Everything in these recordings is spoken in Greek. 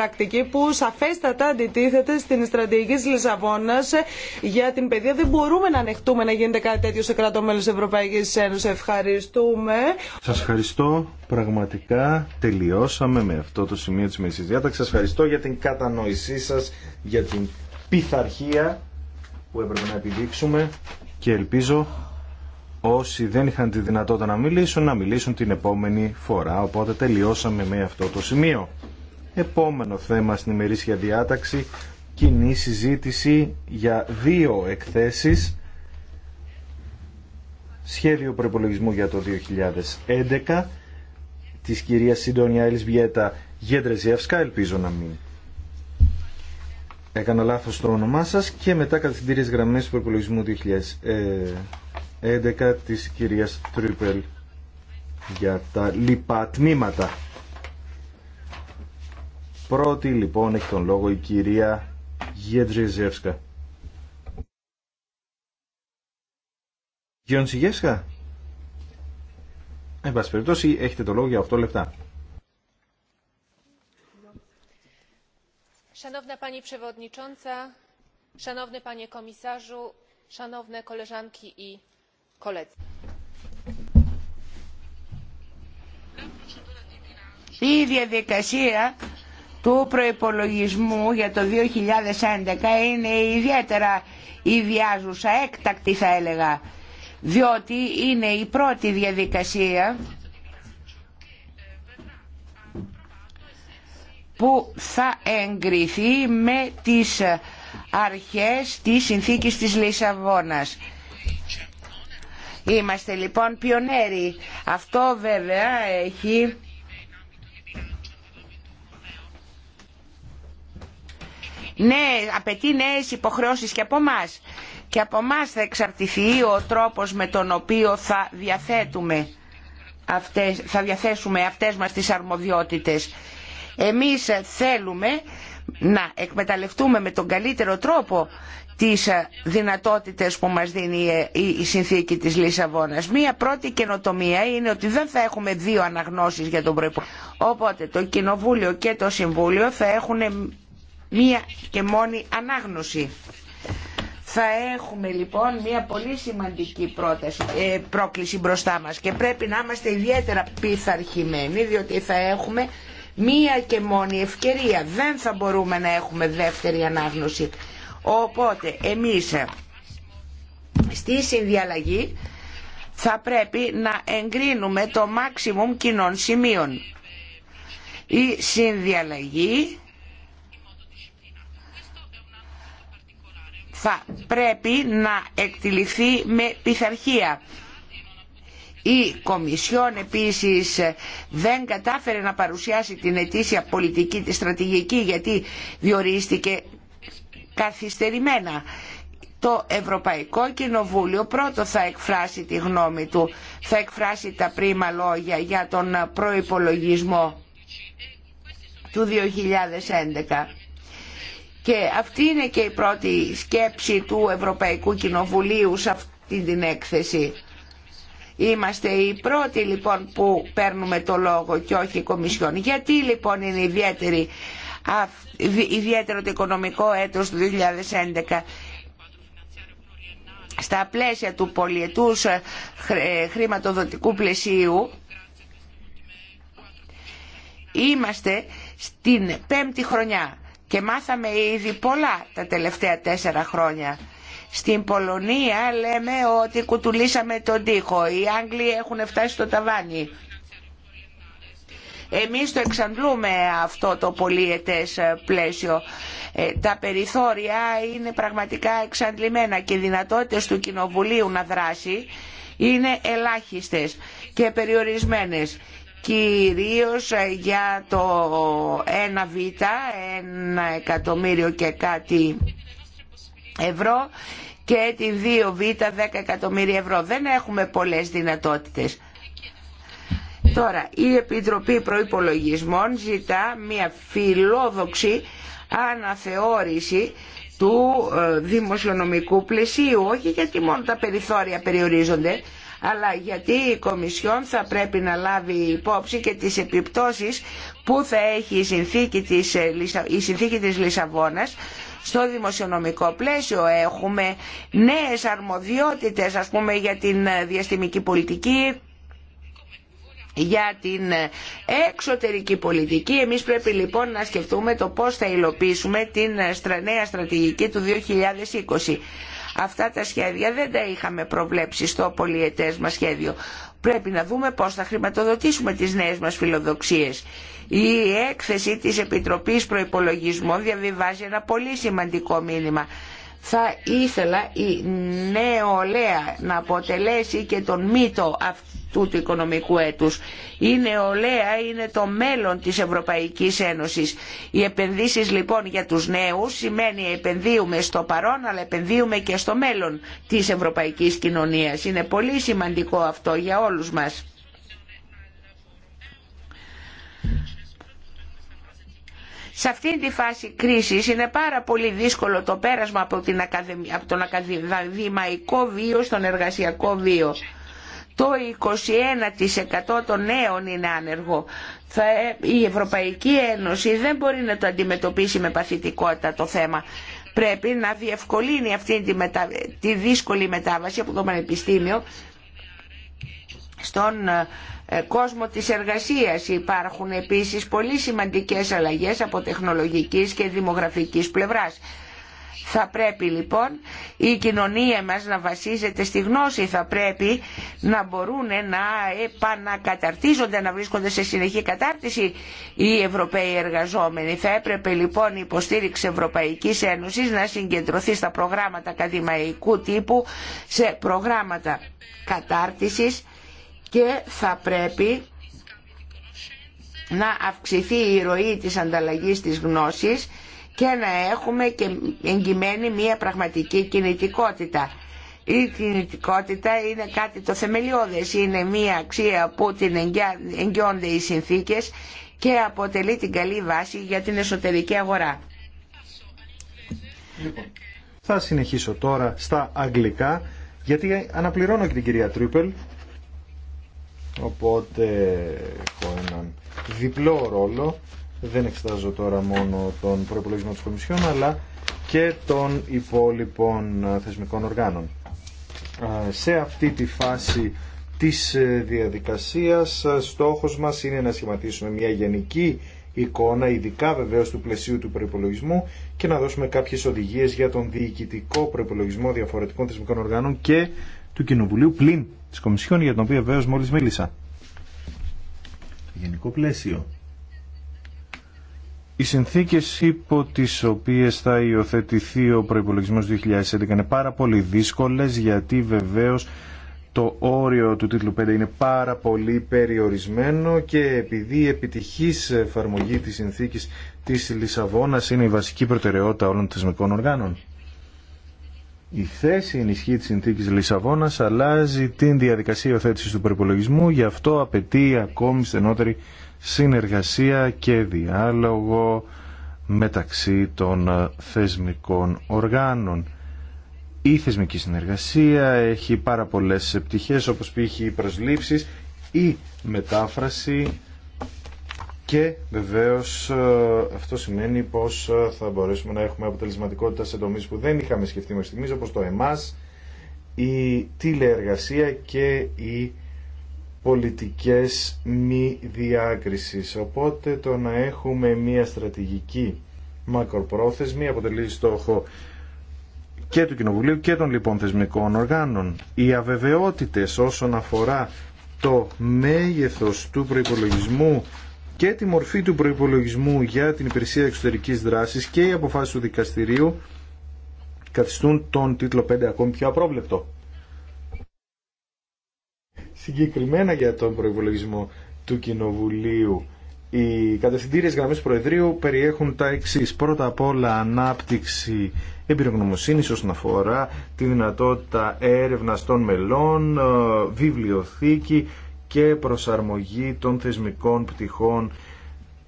πρακτική που σαφέστατα αντιτίθεται στην στρατηγική τη Λισαβόνα για την παιδεία. Δεν μπορούμε να ανεχτούμε να γίνεται κάτι τέτοιο σε κράτο μέλο Ευρωπαϊκή Ένωση. Ευχαριστούμε. Σα ευχαριστώ. Πραγματικά τελειώσαμε με αυτό το σημείο τη μεσή διάταξη. Σα ευχαριστώ για την κατανόησή σα, για την πειθαρχία που έπρεπε να επιδείξουμε και ελπίζω όσοι δεν είχαν τη δυνατότητα να μιλήσουν, να μιλήσουν την επόμενη φορά. Οπότε τελειώσαμε με αυτό το σημείο. Επόμενο θέμα στην ημερήσια διάταξη, κοινή συζήτηση για δύο εκθέσεις. Σχέδιο προπολογισμού για το 2011 της κυρίας Σιντονιά Ελισβιέτα Γέντρεζιεύσκα, ελπίζω να μην έκανα λάθος το όνομά σας και μετά κατευθυντήριες γραμμές του προπολογισμού 2011 της κυρίας Τρίπελ για τα λοιπά τμήματα. Πρώτη λοιπόν έχει τον λόγο η κυρία Γετζεζεύσκα. Γιονσιγέσκα. Εν πάση περιπτώσει έχετε το λόγο για 8 λεπτά. Szanowna Pani Przewodnicząca, Szanowny Panie Komisarzu, Szanowne Koleżanki i Koledzy. Η διαδικασία του προϋπολογισμού για το 2011 είναι ιδιαίτερα ιδιάζουσα, έκτακτη θα έλεγα, διότι είναι η πρώτη διαδικασία που θα εγκριθεί με τις αρχές της συνθήκης της Λισαβόνας. Είμαστε λοιπόν πιονέροι. Αυτό βέβαια έχει ναι, απαιτεί νέες υποχρεώσεις και από εμά. Και από εμά θα εξαρτηθεί ο τρόπος με τον οποίο θα διαθέτουμε αυτές, θα διαθέσουμε αυτές μας τις αρμοδιότητες. Εμείς θέλουμε να εκμεταλλευτούμε με τον καλύτερο τρόπο τις δυνατότητες που μας δίνει η συνθήκη της Λισαβόνας. Μία πρώτη καινοτομία είναι ότι δεν θα έχουμε δύο αναγνώσεις για τον προϋπολογισμό. Οπότε το Κοινοβούλιο και το Συμβούλιο θα έχουν μία και μόνη ανάγνωση. Θα έχουμε λοιπόν μία πολύ σημαντική πρόταση, ε, πρόκληση μπροστά μας και πρέπει να είμαστε ιδιαίτερα πειθαρχημένοι διότι θα έχουμε μία και μόνη ευκαιρία. Δεν θα μπορούμε να έχουμε δεύτερη ανάγνωση. Οπότε εμείς στη συνδιαλλαγή θα πρέπει να εγκρίνουμε το μάξιμουμ κοινών σημείων. Η συνδιαλλαγή θα πρέπει να εκτιληθεί με πειθαρχία. Η Κομισιόν επίσης δεν κατάφερε να παρουσιάσει την ετήσια πολιτική τη στρατηγική γιατί διορίστηκε καθυστερημένα. Το Ευρωπαϊκό Κοινοβούλιο πρώτο θα εκφράσει τη γνώμη του, θα εκφράσει τα πρίμα λόγια για τον προϋπολογισμό του 2011 και αυτή είναι και η πρώτη σκέψη του Ευρωπαϊκού Κοινοβουλίου σε αυτή την έκθεση. Είμαστε οι πρώτοι λοιπόν που παίρνουμε το λόγο και όχι η Κομισιόν. Γιατί λοιπόν είναι ιδιαίτερο το οικονομικό έτος του 2011 στα πλαίσια του πολιετούς ε, ε, χρηματοδοτικού πλαισίου είμαστε στην πέμπτη χρονιά και μάθαμε ήδη πολλά τα τελευταία τέσσερα χρόνια. Στην Πολωνία λέμε ότι κουτουλήσαμε τον τοίχο, οι Άγγλοι έχουν φτάσει στο ταβάνι. Εμείς το εξαντλούμε αυτό το πολιετές πλαίσιο. Ε, τα περιθώρια είναι πραγματικά εξαντλημένα και οι δυνατότητες του Κοινοβουλίου να δράσει είναι ελάχιστες και περιορισμένες κυρίως ε, για το 1β, 1 εκατομμύριο και κάτι ευρώ και τη 2β 10 εκατομμύρια ευρώ. Δεν έχουμε πολλές δυνατότητες. Τώρα, η Επιτροπή Προϋπολογισμών ζητά μια φιλόδοξη αναθεώρηση του ε, δημοσιονομικού πλαισίου, όχι γιατί μόνο τα περιθώρια περιορίζονται, αλλά γιατί η Κομισιόν θα πρέπει να λάβει υπόψη και τις επιπτώσεις που θα έχει η συνθήκη της, ε, η της Λισαβόνας στο δημοσιονομικό πλαίσιο έχουμε νέες αρμοδιότητες ας πούμε για την ε, διαστημική πολιτική για την ε, εξωτερική πολιτική. Εμείς πρέπει λοιπόν να σκεφτούμε το πώς θα υλοποιήσουμε την νέα στρατηγική του 2020. Αυτά τα σχέδια δεν τα είχαμε προβλέψει στο πολιετές μας σχέδιο. Πρέπει να δούμε πώς θα χρηματοδοτήσουμε τις νέες μας φιλοδοξίες. Η έκθεση της Επιτροπής Προϋπολογισμών διαβιβάζει ένα πολύ σημαντικό μήνυμα θα ήθελα η νεολαία να αποτελέσει και τον μύτο αυτού του οικονομικού έτους. Η νεολαία είναι το μέλλον της Ευρωπαϊκής Ένωσης. Οι επενδύσεις λοιπόν για τους νέους σημαίνει επενδύουμε στο παρόν αλλά επενδύουμε και στο μέλλον της Ευρωπαϊκής Κοινωνίας. Είναι πολύ σημαντικό αυτό για όλους μας σε αυτή τη φάση κρίσης είναι πάρα πολύ δύσκολο το πέρασμα από, τον ακαδημαϊκό βίο στον εργασιακό βίο. Το 21% των νέων είναι άνεργο. η Ευρωπαϊκή Ένωση δεν μπορεί να το αντιμετωπίσει με παθητικότητα το θέμα. Πρέπει να διευκολύνει αυτή τη, τη δύσκολη μετάβαση από το Πανεπιστήμιο στον ε, ε, κόσμο της εργασίας υπάρχουν επίσης πολύ σημαντικές αλλαγές από τεχνολογικής και δημογραφικής πλευράς. Θα πρέπει λοιπόν η κοινωνία μας να βασίζεται στη γνώση, θα πρέπει να μπορούν να επανακαταρτίζονται, να βρίσκονται σε συνεχή κατάρτιση οι Ευρωπαίοι εργαζόμενοι. Θα έπρεπε λοιπόν η υποστήριξη Ευρωπαϊκής Ένωσης να συγκεντρωθεί στα προγράμματα ακαδημαϊκού τύπου, σε προγράμματα κατάρτισης και θα πρέπει να αυξηθεί η ροή της ανταλλαγής της γνώσης και να έχουμε και εγκυμένη μια πραγματική κινητικότητα. Η κινητικότητα είναι κάτι το θεμελιώδες, είναι μια αξία που την εγγυώνται οι συνθήκες και αποτελεί την καλή βάση για την εσωτερική αγορά. Λοιπόν, θα συνεχίσω τώρα στα αγγλικά, γιατί αναπληρώνω και την κυρία Τρίπελ Οπότε έχω έναν διπλό ρόλο. Δεν εξετάζω τώρα μόνο τον προπολογισμό της Κομισιόν, αλλά και των υπόλοιπων ε, θεσμικών οργάνων. Ε, σε αυτή τη φάση της ε, διαδικασίας στόχος μας είναι να σχηματίσουμε μια γενική εικόνα, ειδικά βεβαίως του πλαισίου του προπολογισμού και να δώσουμε κάποιες οδηγίες για τον διοικητικό προπολογισμό διαφορετικών θεσμικών οργάνων και του Κοινοβουλίου πλην Τη Κομισιόν για την οποία βεβαίω μόλι μίλησα. γενικό πλαίσιο. Οι συνθήκε υπό τις οποίες θα υιοθετηθεί ο προϋπολογισμός 2011 είναι πάρα πολύ δύσκολε γιατί βεβαίω το όριο του τίτλου 5 είναι πάρα πολύ περιορισμένο και επειδή η επιτυχής εφαρμογή της συνθήκης της Λισαβόνας είναι η βασική προτεραιότητα όλων των θεσμικών οργάνων. Η θέση ενισχύ τη συνθήκη Λισαβόνα αλλάζει την διαδικασία υιοθέτηση του προπολογισμού, γι' αυτό απαιτεί ακόμη στενότερη συνεργασία και διάλογο μεταξύ των ε, θεσμικών οργάνων. Η θεσμική συνεργασία έχει πάρα πολλές επιτυχίες όπως π.χ. οι προσλήψεις, η μετάφραση, και βεβαίως ε, αυτό σημαίνει πως ε, θα μπορέσουμε να έχουμε αποτελεσματικότητα σε τομείς που δεν είχαμε σκεφτεί μέχρι στιγμής όπως το ΕΜΑΣ, η τηλεεργασία και οι πολιτικές μη διάκρισης. Οπότε το να έχουμε μια στρατηγική μακροπρόθεσμη αποτελεί στόχο και του Κοινοβουλίου και των λοιπόν θεσμικών οργάνων. Οι αβεβαιότητες όσον αφορά το μέγεθος του προϋπολογισμού και τη μορφή του προϋπολογισμού για την υπηρεσία εξωτερικής δράσης και οι αποφάσεις του δικαστηρίου καθιστούν τον τίτλο 5 ακόμη πιο απρόβλεπτο. Συγκεκριμένα για τον προϋπολογισμό του Κοινοβουλίου οι κατευθυντήριες γραμμές προεδρίου Προεδρείου περιέχουν τα εξής. Πρώτα απ' όλα ανάπτυξη εμπειρογνωμοσύνης όσον αφορά τη δυνατότητα έρευνας των μελών, ε, βιβλιοθήκη, και προσαρμογή των θεσμικών πτυχών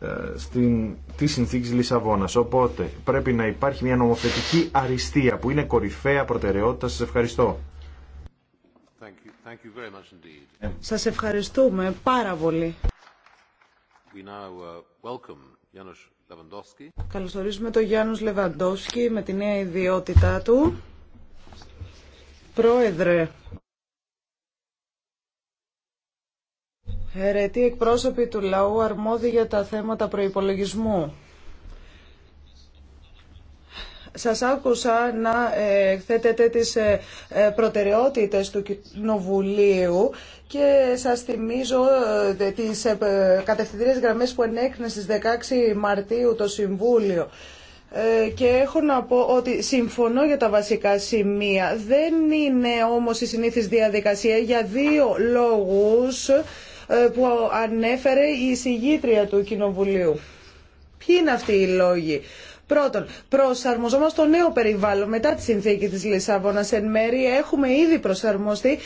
ε, στην, της συνθήκη Λισαβόνας. Οπότε πρέπει να υπάρχει μια νομοθετική αριστεία που είναι κορυφαία προτεραιότητα. Σα ευχαριστώ. Σα Σας ευχαριστούμε πάρα πολύ. Uh, Καλωσορίζουμε τον Γιάννους Λεβαντόσκι με τη νέα ιδιότητά του. Πρόεδρε Ερετοί εκπρόσωποι του λαού αρμόδιοι για τα θέματα προϋπολογισμού. Σας άκουσα να ε, εκθέτετε τις ε, ε, προτεραιότητες του Κοινοβουλίου και σας θυμίζω τις κατευθυντήριες γραμμές που ενέκρινε στις 16 Μαρτίου το Συμβούλιο και έχω να πω ότι συμφωνώ για τα βασικά σημεία. Δεν είναι όμως η συνήθις διαδικασία για δύο λόγους. Ε, που ανέφερε η συγγήτρια του Κοινοβουλίου. Ποιοι είναι αυτοί οι λόγοι. Πρώτον, προσαρμοζόμαστε στο νέο περιβάλλον μετά τη συνθήκη της Λισαβόνας. Εν μέρη έχουμε ήδη προσαρμοστεί,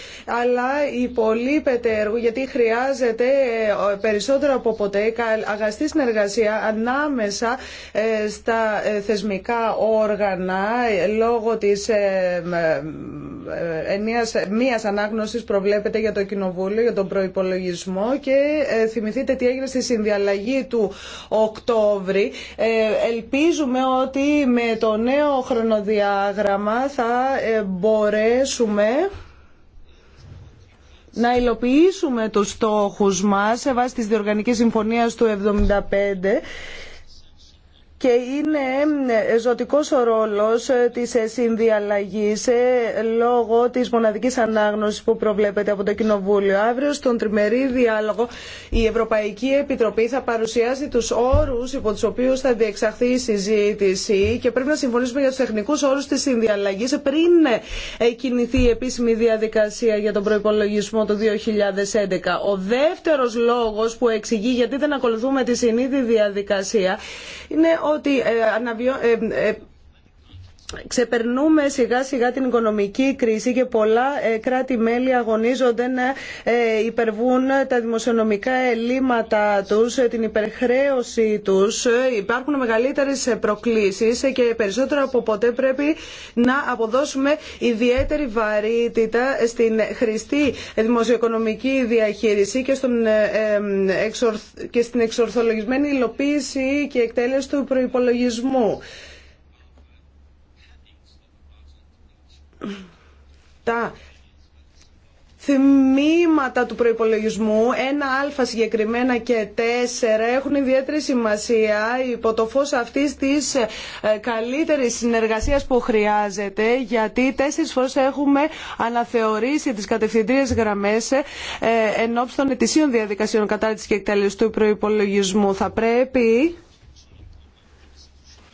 αλλά υπολείπεται έργο γιατί χρειάζεται ε, περισσότερο από ποτέ αγαστή συνεργασία ανάμεσα ε, στα ε, θεσμικά όργανα λόγω της ενίας, μίας ανάγνωσης προβλέπεται για το Κοινοβούλιο, για τον προϋπολογισμό και θυμηθείτε τι έγινε στη συνδιαλλαγή του Οκτώβρη. ελπίζουμε ότι με το νέο χρονοδιάγραμμα θα ε, μπορέσουμε να υλοποιήσουμε τους στόχους μας σε βάση της Διοργανικής Συμφωνίας του 75 και είναι ε, ζωτικός ο ρόλος ε, της ε, συνδιαλλαγής λόγω της μοναδικής ανάγνωσης που προβλέπεται από το Κοινοβούλιο. Αύριο στον τριμερή διάλογο η Ευρωπαϊκή Επιτροπή θα παρουσιάσει τους όρους υπό τους οποίους θα διεξαχθεί η συζήτηση και πρέπει να συμφωνήσουμε για τους τεχνικούς όρους της συνδιαλλαγής πριν κινηθεί η επίσημη διαδικασία για τον προϋπολογισμό του 2011. Ο δεύτερος λόγος που εξηγεί γιατί δεν ακολουθούμε τη συνήθη διαδικασία είναι ότι ε, αναβιώ ε, ε, Ξεπερνούμε σιγά σιγά την οικονομική κρίση και πολλά ε, κράτη-μέλη αγωνίζονται να ε, υπερβούν τα δημοσιονομικά ελλείμματα τους, ε, την υπερχρέωση τους. Υπάρχουν μεγαλύτερες προκλήσεις και περισσότερο από ποτέ πρέπει να αποδώσουμε ιδιαίτερη βαρύτητα στην χρηστή δημοσιοοικονομική διαχείριση και, στον, στην εξορθολογισμένη υλοποίηση και εκτέλεση του προϋπολογισμού. τα Θυμήματα του προυπολογισμου ένα άλφα συγκεκριμένα και 4 έχουν ιδιαίτερη σημασία υπό το φως αυτής της ε, καλύτερης συνεργασίας που χρειάζεται γιατί τέσσερις φορές έχουμε αναθεωρήσει τις κατευθυντήριες γραμμές ε, εν των ετησίων διαδικασιών κατάρτισης και εκτέλεσης του προϋπολογισμού. Θα πρέπει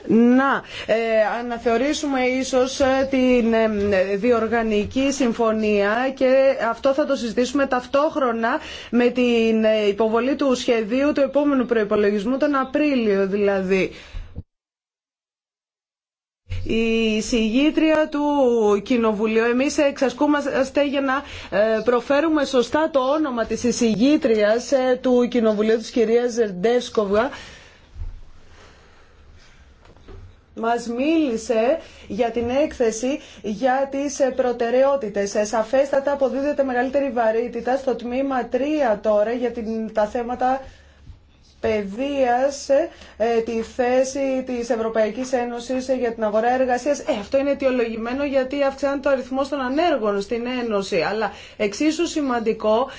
να ε, αναθεωρήσουμε ίσως ε, την ε, διοργανική συμφωνία και αυτό θα το συζητήσουμε ταυτόχρονα με την ε, υποβολή του σχεδίου του επόμενου προϋπολογισμού τον Απρίλιο δηλαδή. Η συγγήτρια του Κοινοβουλίου, εμείς εξασκούμαστε για να προφέρουμε σωστά το όνομα της συγγήτριας του Κοινοβουλίου της κυρίας Ζερντεύσκοβγα, μας μίλησε για την έκθεση για τις ε, προτεραιότητες. Ε, σαφέστατα αποδίδεται μεγαλύτερη βαρύτητα στο τμήμα 3 τώρα για την, τα θέματα παιδείας ε, ε, τη θέση της Ευρωπαϊκής Ένωσης ε, για την αγορά εργασίας. αυτό είναι αιτιολογημένο γιατί αυξάνεται το αριθμό των ανέργων στην Ένωση. Αλλά εξίσου σημαντικό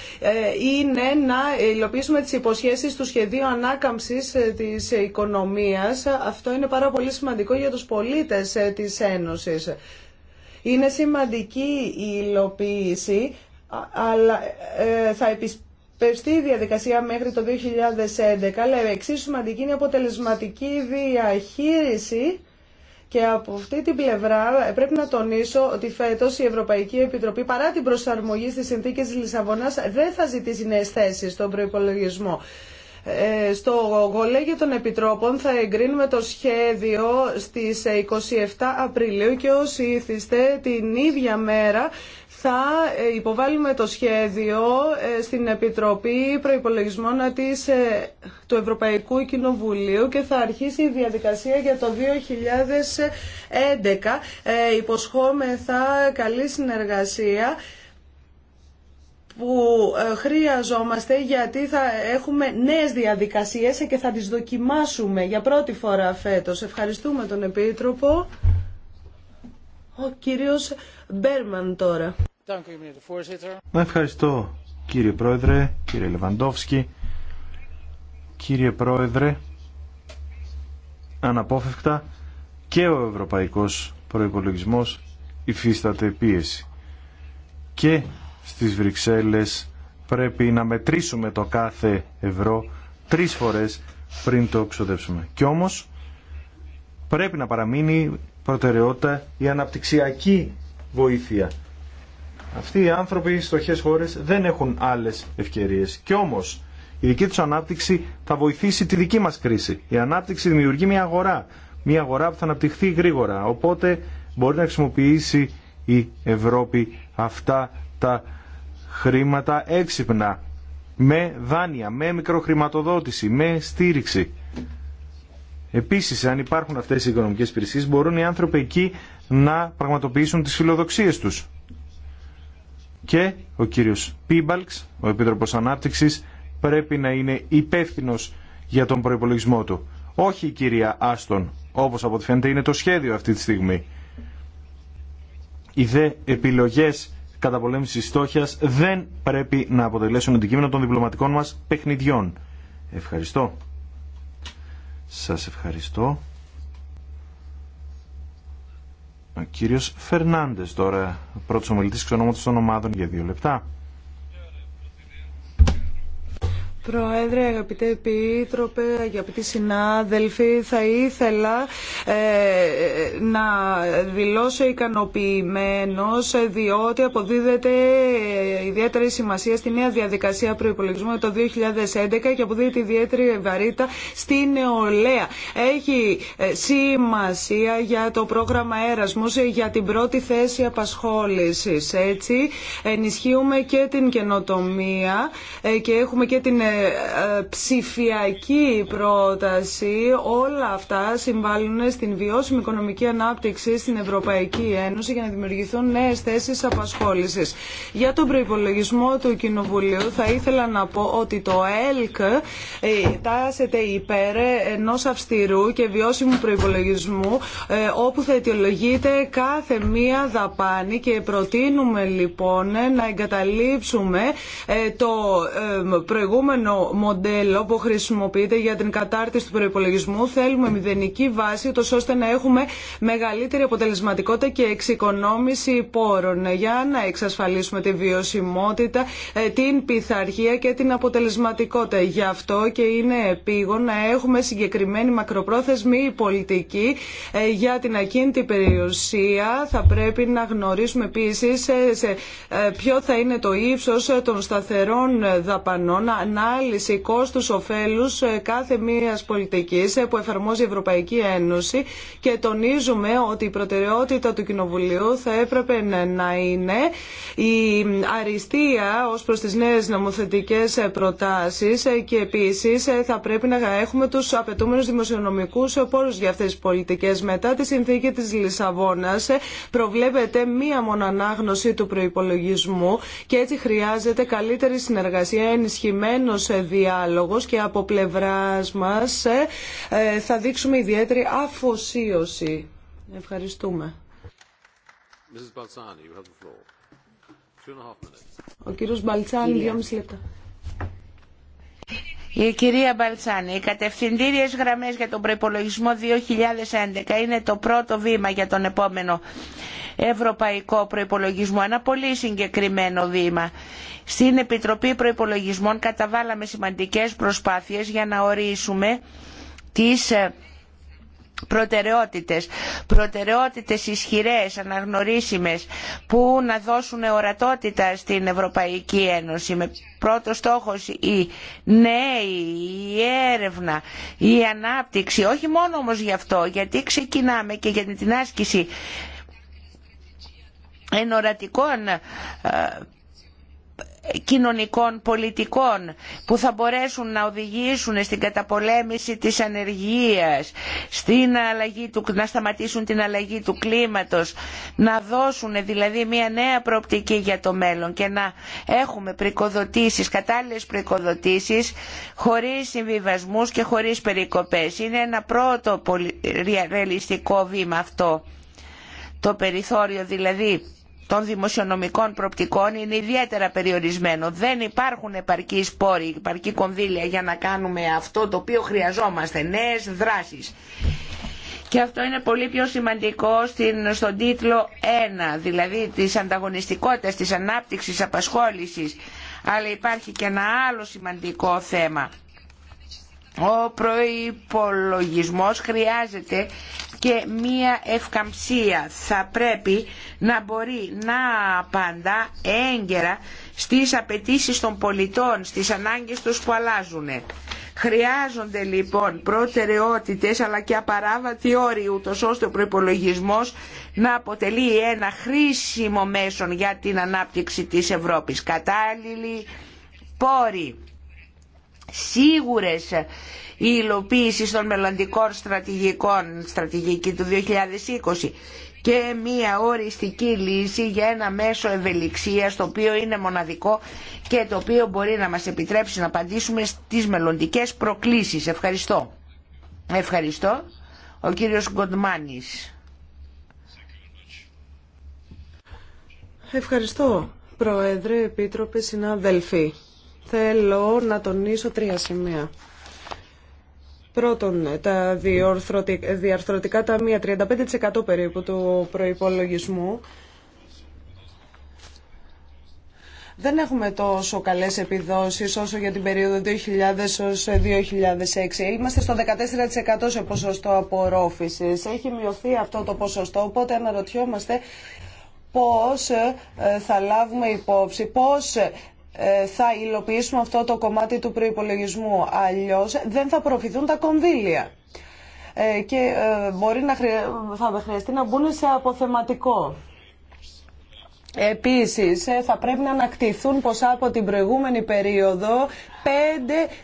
είναι να υλοποιήσουμε τις υποσχέσεις του σχεδίου ανάκαμψης της οικονομίας. Αυτό είναι πάρα πολύ σημαντικό για τους πολίτες της Ένωσης. Είναι σημαντική η υλοποίηση, αλλά θα επιστρέψουμε η διαδικασία μέχρι το 2011, αλλά εξίσου σημαντική είναι η αποτελεσματική διαχείριση και από αυτή την πλευρά πρέπει να τονίσω ότι φέτο η Ευρωπαϊκή Επιτροπή, παρά την προσαρμογή στι συνθήκε τη Λισαβόνα, δεν θα ζητήσει νέε θέσει στον προπολογισμό. Ε, στο κολέγιο των Επιτρόπων θα εγκρίνουμε το σχέδιο στις 27 Απριλίου και όσοι ήθιστε την ίδια μέρα θα ε, υποβάλουμε το σχέδιο ε, στην Επιτροπή Προϋπολογισμών της, ε, του Ευρωπαϊκού Κοινοβουλίου και θα αρχίσει η διαδικασία για το 2011. Υποσχόμεθα καλή συνεργασία που χρειαζόμαστε γιατί θα έχουμε νέες διαδικασίες και θα τις δοκιμάσουμε για πρώτη φορά φέτος. Ευχαριστούμε τον Επίτροπο. Ο κύριος Μπέρμαν τώρα. Ευχαριστώ κύριε Πρόεδρε, κύριε Λεβαντόφσκι, κύριε Πρόεδρε, αναπόφευκτα και ο ευρωπαϊκός προϋπολογισμός υφίσταται πίεση. Και στις Βρυξέλλες πρέπει να μετρήσουμε το κάθε ευρώ τρεις φορές πριν το ξοδέψουμε. Κι όμως πρέπει να παραμείνει προτεραιότητα η αναπτυξιακή βοήθεια αυτοί οι άνθρωποι στι στοχές χώρε δεν έχουν άλλε ευκαιρίε. Κι όμως η δική του ανάπτυξη θα βοηθήσει τη δική μας κρίση. Η ανάπτυξη δημιουργεί μια αγορά. Μια αγορά που θα αναπτυχθεί γρήγορα. Οπότε μπορεί να χρησιμοποιήσει η Ευρώπη αυτά τα χρήματα έξυπνα. Με δάνεια, με μικροχρηματοδότηση, με στήριξη. Επίσης, αν υπάρχουν αυτές οι οικονομικές υπηρεσίες, μπορούν οι άνθρωποι εκεί να πραγματοποιήσουν τις φιλοδοξίες τους και ο κύριος Πίμπαλξ, ο Επίτροπος Ανάπτυξης, πρέπει να είναι υπεύθυνο για τον προϋπολογισμό του. Όχι η κυρία Άστον, όπως από είναι το σχέδιο αυτή τη στιγμή. Οι δε επιλογές καταπολέμησης στόχιας δεν πρέπει να αποτελέσουν αντικείμενο των διπλωματικών μας παιχνιδιών. Ευχαριστώ. Σας ευχαριστώ κύριος Φερνάντες τώρα, πρώτος ομιλητής ξενόματος των ομάδων για δύο λεπτά. Πρόεδρε, αγαπητέ επίτροπε, αγαπητοί συνάδελφοι, θα ήθελα ε, να δηλώσω ικανοποιημένο διότι αποδίδεται ιδιαίτερη σημασία στη νέα διαδικασία προπολογισμού το 2011 και αποδίδεται ιδιαίτερη βαρύτητα στη νεολαία. Έχει ε, σημασία για το πρόγραμμα Έρασμος για την πρώτη θέση απασχόλησης. Έτσι, ενισχύουμε και την καινοτομία ε, και έχουμε και την ε, ψηφιακή πρόταση. Όλα αυτά συμβάλλουν στην βιώσιμη οικονομική ανάπτυξη στην Ευρωπαϊκή Ένωση για να δημιουργηθούν νέες θέσεις απασχόλησης. Για τον προϋπολογισμό του Κοινοβουλίου θα ήθελα να πω ότι το ΕΛΚ ε, τάσεται υπέρ ενός αυστηρού και βιώσιμου προϋπολογισμού ε, όπου θα αιτιολογείται κάθε μία δαπάνη και προτείνουμε λοιπόν να εγκαταλείψουμε ε, το προηγούμενο μοντέλο που χρησιμοποιείται για την κατάρτιση του προπολογισμού θέλουμε μηδενική βάση, ώστε να έχουμε μεγαλύτερη αποτελεσματικότητα και εξοικονόμηση πόρων για να εξασφαλίσουμε τη βιωσιμότητα, ε, την πειθαρχία και την αποτελεσματικότητα. Γι' αυτό και είναι επίγον να έχουμε συγκεκριμένη μακροπρόθεσμη πολιτική ε, για την ακίνητη περιουσία. Θα πρέπει να γνωρίσουμε επίση ε, ποιο θα είναι το ύψο των σταθερών δαπανών να ανάλυση κόστους ωφέλους ε, κάθε μίας πολιτικής ε, που εφαρμόζει η Ευρωπαϊκή Ένωση και τονίζουμε ότι η προτεραιότητα του Κοινοβουλίου θα έπρεπε να είναι η αριστεία ως προς τις νέες νομοθετικές ε, προτάσεις και επίσης θα πρέπει να έχουμε τους απαιτούμενους δημοσιονομικούς πόρους για αυτές τις πολιτικές. Μετά τη συνθήκη της Λισαβόνας προβλέπεται μία μονανάγνωση του προϋπολογισμού και έτσι χρειάζεται καλύτερη συνεργασία, ενισχυμένο σε διάλογος και από πλευράς μας ε, ε, θα δείξουμε ιδιαίτερη αφοσίωση. Ευχαριστούμε. Ο κύριος Μπαλτσάνη, δυόμιση λεπτά. Η κυρία Μπαλτσάνη, οι κατευθυντήριε γραμμέ για τον προπολογισμό 2011 είναι το πρώτο βήμα για τον επόμενο ευρωπαϊκό προϋπολογισμό. Ένα πολύ συγκεκριμένο βήμα. Στην Επιτροπή Προϋπολογισμών καταβάλαμε σημαντικές προσπάθειες για να ορίσουμε τις ε, προτεραιότητες προτεραιότητες ισχυρές αναγνωρίσιμες που να δώσουν ορατότητα στην ευρωπαϊκή ένωση με πρώτο στόχος η νέοι η έρευνα η ανάπτυξη όχι μόνο όμως γι' αυτό γιατί ξεκινάμε και για την άσκηση ενορατικών ε, κοινωνικών πολιτικών που θα μπορέσουν να οδηγήσουν στην καταπολέμηση της ανεργίας, στην αλλαγή του, να σταματήσουν την αλλαγή του κλίματος, να δώσουν δηλαδή μια νέα προοπτική για το μέλλον και να έχουμε πρικοδοτήσεις, κατάλληλες πρικοδοτήσεις χωρίς συμβιβασμούς και χωρίς περικοπές. Είναι ένα πρώτο ρεαλιστικό βήμα αυτό. Το περιθώριο δηλαδή των δημοσιονομικών προπτικών είναι ιδιαίτερα περιορισμένο. Δεν υπάρχουν επαρκή σπόροι, επαρκή κονδύλια για να κάνουμε αυτό το οποίο χρειαζόμαστε, νέες δράσεις. Και αυτό είναι πολύ πιο σημαντικό στον τίτλο 1, δηλαδή της ανταγωνιστικότητας, της ανάπτυξης, απασχόλησης. Αλλά υπάρχει και ένα άλλο σημαντικό θέμα. Ο προϋπολογισμός χρειάζεται και μία ευκαμψία. Θα πρέπει να μπορεί να απαντά έγκαιρα στις απαιτήσεις των πολιτών, στις ανάγκες τους που αλλάζουν. Χρειάζονται λοιπόν προτεραιότητες αλλά και απαράβατοι όροι ούτως ώστε ο προπολογισμό να αποτελεί ένα χρήσιμο μέσο για την ανάπτυξη της Ευρώπης. Κατάλληλοι πόροι, σίγουρες η υλοποίηση των μελλοντικών στρατηγικών, στρατηγική του 2020 και μία οριστική λύση για ένα μέσο ευελιξίας το οποίο είναι μοναδικό και το οποίο μπορεί να μας επιτρέψει να απαντήσουμε στις μελλοντικές προκλήσεις. Ευχαριστώ. Ευχαριστώ. Ο κύριος Γκοντμάνης. Ευχαριστώ, Πρόεδρε, Επίτροπε, Συναδελφοί. Θέλω να τονίσω τρία σημεία. Πρώτον, τα διαρθρωτικά ταμεία, 35% περίπου του προϋπολογισμού, δεν έχουμε τόσο καλές επιδόσεις όσο για την περίοδο 2000 2006. Είμαστε στο 14% σε ποσοστό απορρόφησης. Έχει μειωθεί αυτό το ποσοστό, οπότε αναρωτιόμαστε πώς ε, θα λάβουμε υπόψη, πώς ε, ε, θα υλοποιήσουμε αυτό το κομμάτι του προϋπολογισμού. Αλλιώς δεν θα προφηθούν τα κονδύλια ε, και ε, μπορεί να θα χρειαστεί να μπουν σε αποθεματικό. Επίσης, θα πρέπει να ανακτηθούν ποσά από την προηγούμενη περίοδο 5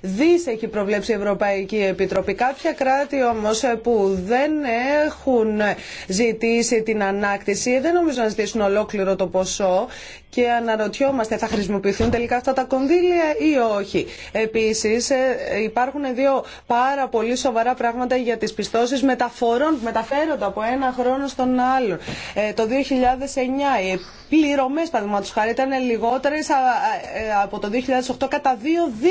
δις έχει προβλέψει η Ευρωπαϊκή Επιτροπή. Κάποια κράτη όμως ε, που δεν έχουν ζητήσει την ανάκτηση ε, δεν νομίζω να ζητήσουν ολόκληρο το ποσό και αναρωτιόμαστε θα χρησιμοποιηθούν τελικά αυτά τα κονδύλια ή όχι. Επίσης ε, υπάρχουν δύο πάρα πολύ σοβαρά πράγματα για τις πιστώσεις μεταφορών που μεταφέρονται από ένα χρόνο στον άλλον. το 2009 οι πληρωμές παραδείγματος χάρη ήταν λιγότερες από το 2008 κατά δύο δι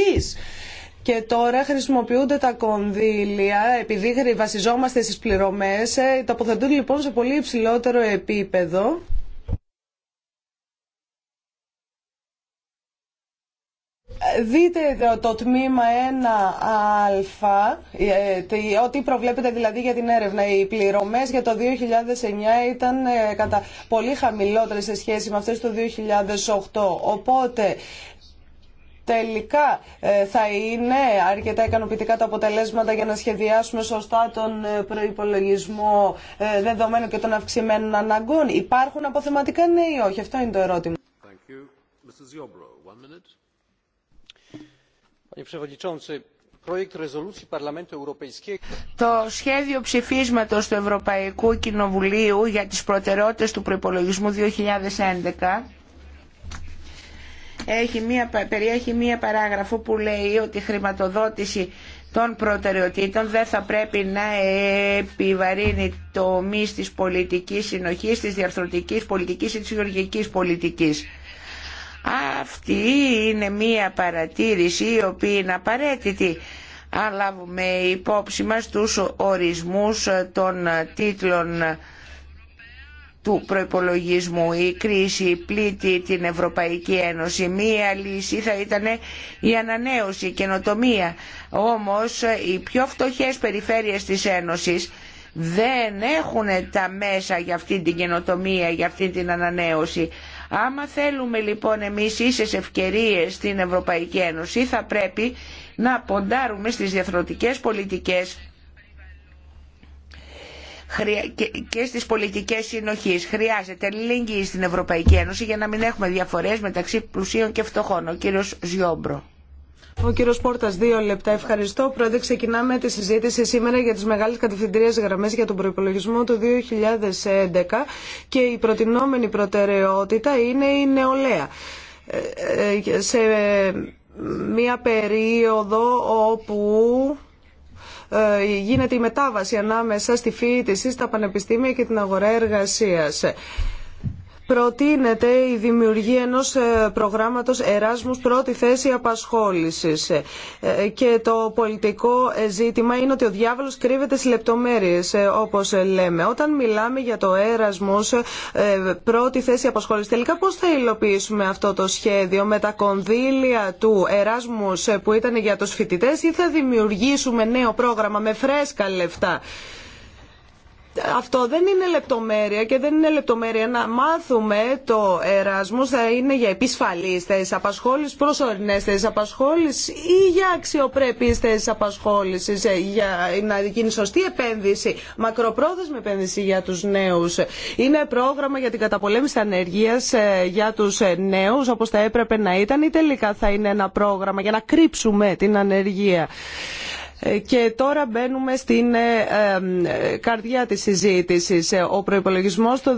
και τώρα χρησιμοποιούνται τα κονδύλια, επειδή βασιζόμαστε στις πληρωμές, ε, τοποθετούν λοιπόν σε πολύ υψηλότερο επίπεδο. Δείτε το τμήμα 1α, ε, ό,τι προβλέπετε δηλαδή για την έρευνα. Οι πληρωμές για το 2009 ήταν ε, κατά πολύ χαμηλότερες σε σχέση με αυτές του 2008. Οπότε τελικά ε, θα είναι αρκετά ικανοποιητικά τα αποτελέσματα για να σχεδιάσουμε σωστά τον ε, προϋπολογισμό ε, δεδομένου και των αυξημένων αναγκών. Υπάρχουν αποθεματικά ναι ή όχι. Αυτό είναι το ερώτημα. Το σχέδιο ψηφίσματος του Ευρωπαϊκού Κοινοβουλίου για τις προτεραιότητες του προϋπολογισμού 2011 μία, περιέχει μία παράγραφο που λέει ότι η χρηματοδότηση των προτεραιοτήτων δεν θα πρέπει να επιβαρύνει το μη της πολιτικής συνοχής, της διαρθρωτικής πολιτικής ή της γεωργικής πολιτικής. Αυτή είναι μία παρατήρηση η οποία είναι απαραίτητη αν λάβουμε υπόψη μας τους ορισμούς των τίτλων του προϋπολογισμού. Η κρίση πλήττει την Ευρωπαϊκή Ένωση. Μία λύση θα ήταν η ανανέωση, η καινοτομία. Όμως οι πιο φτωχές περιφέρειες της Ένωσης δεν έχουν τα μέσα για αυτή την καινοτομία, για αυτή την ανανέωση. Άμα θέλουμε λοιπόν εμείς ίσες ευκαιρίες στην Ευρωπαϊκή Ένωση θα πρέπει να ποντάρουμε στις διαθροτικές πολιτικές και στις πολιτικές συνοχής. Χρειάζεται αλληλεγγύη στην Ευρωπαϊκή Ένωση για να μην έχουμε διαφορές μεταξύ πλουσίων και φτωχών. Ο κύριος Ζιόμπρο. Ο κύριο Πόρτα, δύο λεπτά. Ευχαριστώ. Πρώτα ξεκινάμε τη συζήτηση σήμερα για τι μεγάλε κατευθυντήριε γραμμέ για τον προπολογισμό του 2011 και η προτινόμενη προτεραιότητα είναι η νεολαία. Ε, ε, σε μια περίοδο όπου ε, γίνεται η μετάβαση ανάμεσα στη φοιτησή, στα πανεπιστήμια και την αγορά εργασίας προτείνεται η δημιουργία ενός ε, προγράμματος Εράσμους πρώτη θέση απασχόλησης ε, και το πολιτικό ε, ζήτημα είναι ότι ο διάβολος κρύβεται στις λεπτομέρειες όπως λέμε. Όταν μιλάμε για το Εράσμους πρώτη θέση απασχόλησης τελικά πώς θα υλοποιήσουμε αυτό το σχέδιο με τα κονδύλια του Εράσμους που ήταν για τους φοιτητές ή θα δημιουργήσουμε νέο πρόγραμμα με φρέσκα λεφτά αυτό δεν είναι λεπτομέρεια και δεν είναι λεπτομέρεια να μάθουμε το έρασμό θα είναι για επισφαλείς θέσεις απασχόλησης, προσωρινές θέσεις απασχόλησης ή για αξιοπρέπειες θέσεις απασχόλησης, ε, για να γίνει σωστή επένδυση, μακροπρόθεσμη επένδυση για τους νέους. Είναι πρόγραμμα για την καταπολέμηση της ανεργίας ε, για τους ε, νέους όπως θα έπρεπε να ήταν ή τελικά θα είναι ένα πρόγραμμα για να κρύψουμε την ανεργία. Ε, και τώρα μπαίνουμε στην ε, ε, καρδιά της συζήτησης. Ο προϋπολογισμός το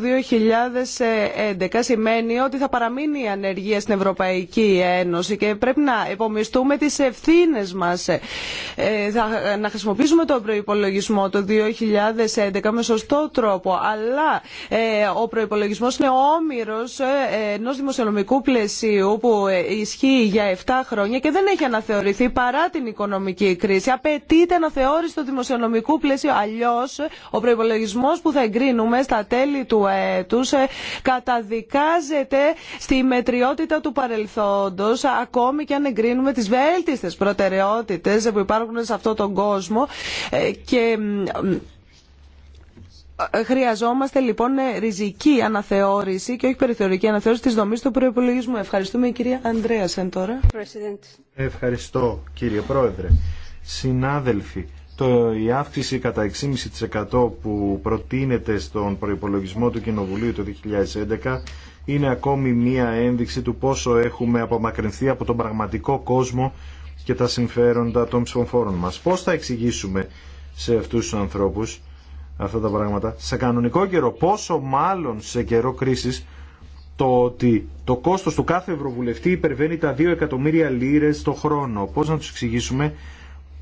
2011 σημαίνει ότι θα παραμείνει η ανεργία στην Ευρωπαϊκή Ένωση και πρέπει να επομιστούμε τις ευθύνες μας. Θα, να χρησιμοποιήσουμε τον προϋπολογισμό το 2011 με σωστό τρόπο, αλλά ο προϋπολογισμός είναι όμοιρος ενός δημοσιονομικού πλαισίου που ισχύει για 7 χρόνια και δεν έχει αναθεωρηθεί παρά την οικονομική κρίση απαιτείται αναθεώρηση του δημοσιονομικό πλαίσιο. Αλλιώ ο προπολογισμό που θα εγκρίνουμε στα τέλη του έτου ε, καταδικάζεται στη μετριότητα του παρελθόντο ακόμη και αν εγκρίνουμε τι βέλτιστε προτεραιότητε που υπάρχουν σε αυτόν τον κόσμο ε, και ε, Χρειαζόμαστε λοιπόν ριζική αναθεώρηση και όχι περιθεωρική αναθεώρηση της δομής του προϋπολογισμού. Ευχαριστούμε η κυρία Σεν τώρα. Ευχαριστώ κύριε Πρόεδρε. Συνάδελφοι, το, η αύξηση κατά 6,5% που προτείνεται στον προϋπολογισμό του Κοινοβουλίου το 2011 είναι ακόμη μία ένδειξη του πόσο έχουμε απομακρυνθεί από τον πραγματικό κόσμο και τα συμφέροντα των ψηφοφόρων μας. Πώς θα εξηγήσουμε σε αυτούς τους ανθρώπους αυτά τα πράγματα σε κανονικό καιρό, πόσο μάλλον σε καιρό κρίσης το ότι το κόστος του κάθε ευρωβουλευτή υπερβαίνει τα 2 εκατομμύρια λίρες το χρόνο. Πώς να τους εξηγήσουμε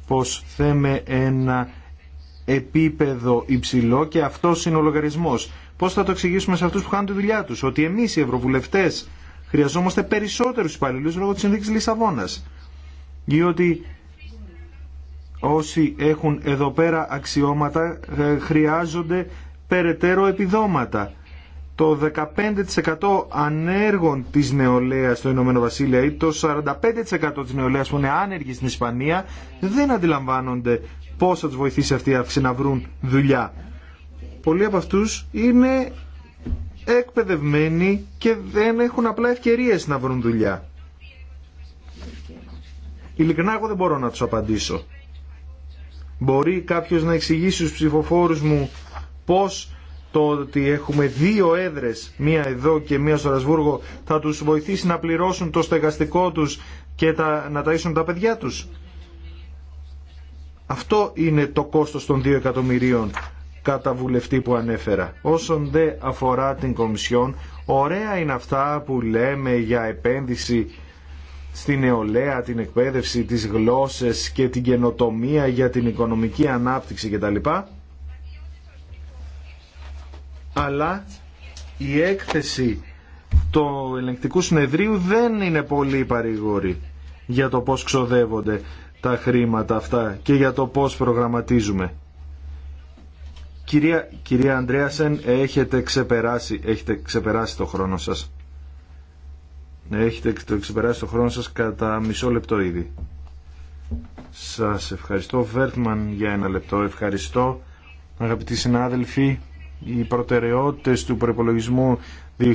πως θέμε ένα επίπεδο υψηλό και αυτό είναι ο λογαριασμός. Πώς θα το εξηγήσουμε σε αυτούς που χάνουν τη δουλειά τους, ότι εμείς οι ευρωβουλευτές χρειαζόμαστε περισσότερους υπαλληλούς λόγω της συνθήκης Λισαβόνας. Διότι όσοι έχουν εδώ πέρα αξιώματα ε, χρειάζονται περαιτέρω επιδόματα το 15% ανέργων της νεολαίας στο Ηνωμένο Βασίλειο ή το 45% της νεολαίας που είναι άνεργοι στην Ισπανία δεν αντιλαμβάνονται πώς θα τους βοηθήσει αυτή η αύξηση να βρουν δουλειά. Πολλοί από αυτούς είναι εκπαιδευμένοι και δεν έχουν απλά ευκαιρίες να βρουν δουλειά. Ειλικρινά εγώ δεν μπορώ να τους απαντήσω. Μπορεί κάποιο να εξηγήσει στους ψηφοφόρους μου πώς το ότι έχουμε δύο έδρες, μία εδώ και μία στο Ρασβούργο, θα τους βοηθήσει να πληρώσουν το στεγαστικό τους και τα, να ταΐσουν τα παιδιά τους. Αυτό είναι το κόστος των 2 εκατομμυρίων κατά βουλευτή που ανέφερα. Όσον δε αφορά την Κομισιόν, ωραία είναι αυτά που λέμε για επένδυση στην νεολαία, την εκπαίδευση, τις γλώσσες και την καινοτομία για την οικονομική ανάπτυξη κτλ αλλά η έκθεση του ελεγκτικού συνεδρίου δεν είναι πολύ παρηγόρη για το πώς ξοδεύονται τα χρήματα αυτά και για το πώς προγραμματίζουμε. Κυρία, κυρία Ανδρέασεν, έχετε ξεπεράσει, έχετε ξεπεράσει το χρόνο σας. Έχετε το ξεπεράσει το χρόνο σας κατά μισό λεπτό ήδη. Σας ευχαριστώ. Βέρθμαν, για ένα λεπτό. Ευχαριστώ. Αγαπητοί συνάδελφοι, οι προτεραιότητες του προπολογισμού 2011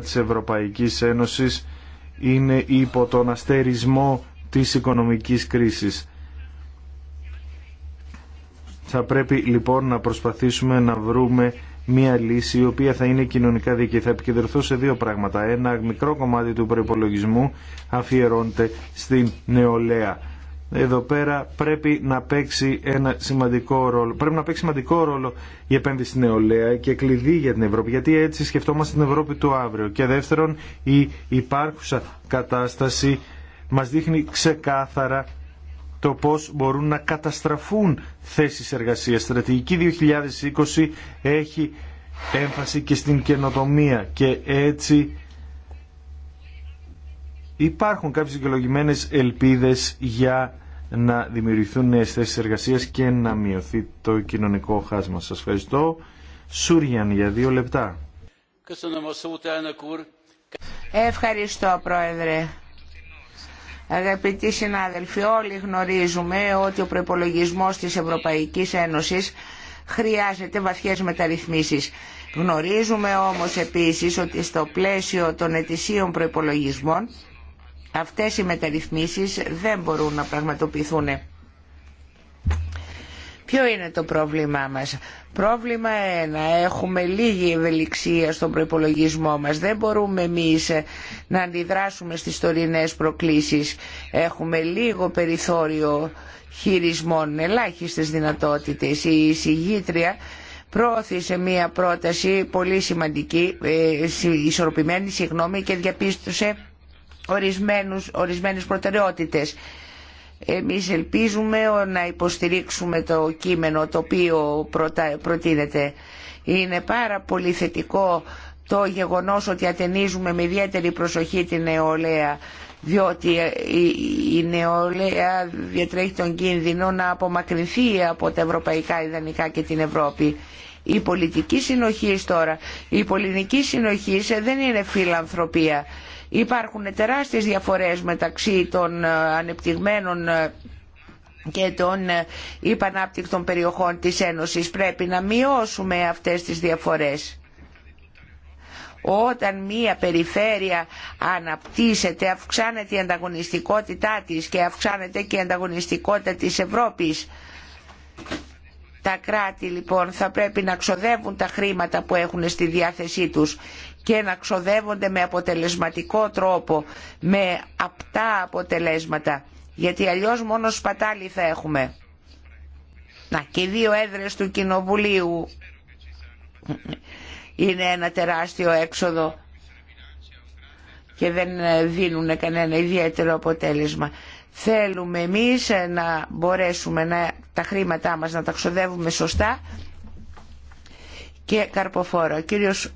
της Ευρωπαϊκής Ένωσης είναι υπό τον αστερισμό της οικονομικής κρίσης. Θα πρέπει λοιπόν να προσπαθήσουμε να βρούμε μια λύση η οποία θα είναι κοινωνικά δίκαιη. Θα επικεντρωθώ σε δύο πράγματα. Ένα μικρό κομμάτι του προπολογισμού αφιερώνεται στην νεολαία εδώ πέρα πρέπει να παίξει ένα σημαντικό ρόλο. Πρέπει να παίξει σημαντικό ρόλο η επένδυση στην νεολαία και κλειδί για την Ευρώπη, γιατί έτσι σκεφτόμαστε την Ευρώπη του αύριο. Και δεύτερον, η υπάρχουσα κατάσταση μας δείχνει ξεκάθαρα το πώς μπορούν να καταστραφούν θέσεις εργασίας. Στρατηγική 2020 έχει έμφαση και στην καινοτομία και έτσι υπάρχουν κάποιες δικαιολογημένες ελπίδες για να δημιουργηθούν νέες θέσεις εργασίας και να μειωθεί το κοινωνικό χάσμα. Σας ευχαριστώ. Σούριαν για δύο λεπτά. Ευχαριστώ Πρόεδρε. Αγαπητοί συνάδελφοι, όλοι γνωρίζουμε ότι ο προπολογισμό της Ευρωπαϊκής Ένωσης χρειάζεται βαθιές μεταρρυθμίσεις. Γνωρίζουμε όμως επίσης ότι στο πλαίσιο των ετησίων προπολογισμών αυτές οι μεταρρυθμίσεις δεν μπορούν να πραγματοποιηθούν. Ποιο είναι το πρόβλημά μας. Πρόβλημα ένα, έχουμε λίγη ευελιξία στον προϋπολογισμό μας. Δεν μπορούμε εμείς να αντιδράσουμε στις τωρινές προκλήσεις. Έχουμε λίγο περιθώριο χειρισμών, ελάχιστες δυνατότητες. Η συγγήτρια πρόθεσε μία πρόταση πολύ σημαντική, ε, ισορροπημένη συγγνώμη και διαπίστωσε ορισμένους, ορισμένες προτεραιότητες. Εμείς ελπίζουμε να υποστηρίξουμε το κείμενο το οποίο προτείνεται. Είναι πάρα πολύ θετικό το γεγονός ότι ατενίζουμε με ιδιαίτερη προσοχή την νεολαία διότι ε, η νεολαία διατρέχει τον κίνδυνο να απομακρυνθεί από τα ευρωπαϊκά ιδανικά και την Ευρώπη. Η πολιτική συνοχή τώρα, η πολιτική συνοχή ε, δεν είναι φιλανθρωπία. Υπάρχουν τεράστιες διαφορές μεταξύ των ε, ανεπτυγμένων ε, και των ε, υπανάπτυκτων περιοχών της Ένωσης. Πρέπει να μειώσουμε αυτές τις διαφορές. Όταν μία περιφέρεια αναπτύσσεται, αυξάνεται η ανταγωνιστικότητά της και αυξάνεται και η ανταγωνιστικότητα της Ευρώπης. Τα κράτη λοιπόν θα πρέπει να ξοδεύουν τα χρήματα που έχουν στη διάθεσή τους και να ξοδεύονται με αποτελεσματικό τρόπο, με απτά αποτελέσματα, γιατί αλλιώς μόνο σπατάλη θα έχουμε. Να και δύο έδρες του Κοινοβουλίου είναι ένα τεράστιο έξοδο και δεν δίνουν κανένα ιδιαίτερο αποτέλεσμα. Θέλουμε εμείς να μπορέσουμε να, τα χρήματά μας να τα ξοδεύουμε σωστά και καρποφόρο. κύριος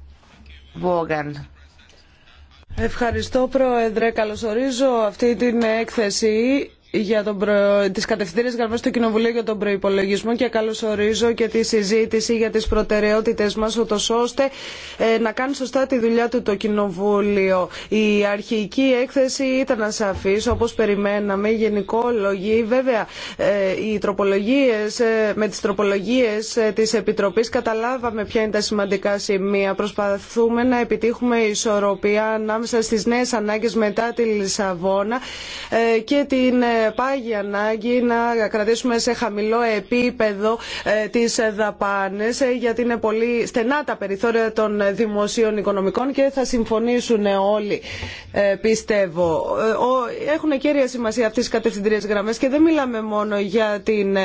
Ευχαριστώ Πρόεδρε. Καλωσορίζω αυτή την έκθεση για τον προ... τις κατευθύνες γραμμές του Κοινοβουλίου για τον προϋπολογισμό και καλωσορίζω και τη συζήτηση για τις προτεραιότητες μας ούτως ώστε ε, να κάνει σωστά τη δουλειά του το Κοινοβούλιο. Η αρχική έκθεση ήταν ασαφής όπως περιμέναμε, Η γενικόλογη. Βέβαια, ε, οι τροπολογίες, ε, με τις τροπολογίες της Επιτροπής καταλάβαμε ποια είναι τα σημαντικά σημεία. Προσπαθούμε να επιτύχουμε ισορροπία ανάμεσα στις νέες ανάγκες μετά τη Λισαβόνα και την πάγει ανάγκη να κρατήσουμε σε χαμηλό επίπεδο ε, τις δαπάνες ε, γιατί είναι πολύ στενά τα περιθώρια των δημοσίων οικονομικών και θα συμφωνήσουν όλοι ε, πιστεύω. Έχουν κέρια σημασία αυτές οι κατευθυντήριες γραμμές και δεν μιλάμε μόνο για, την,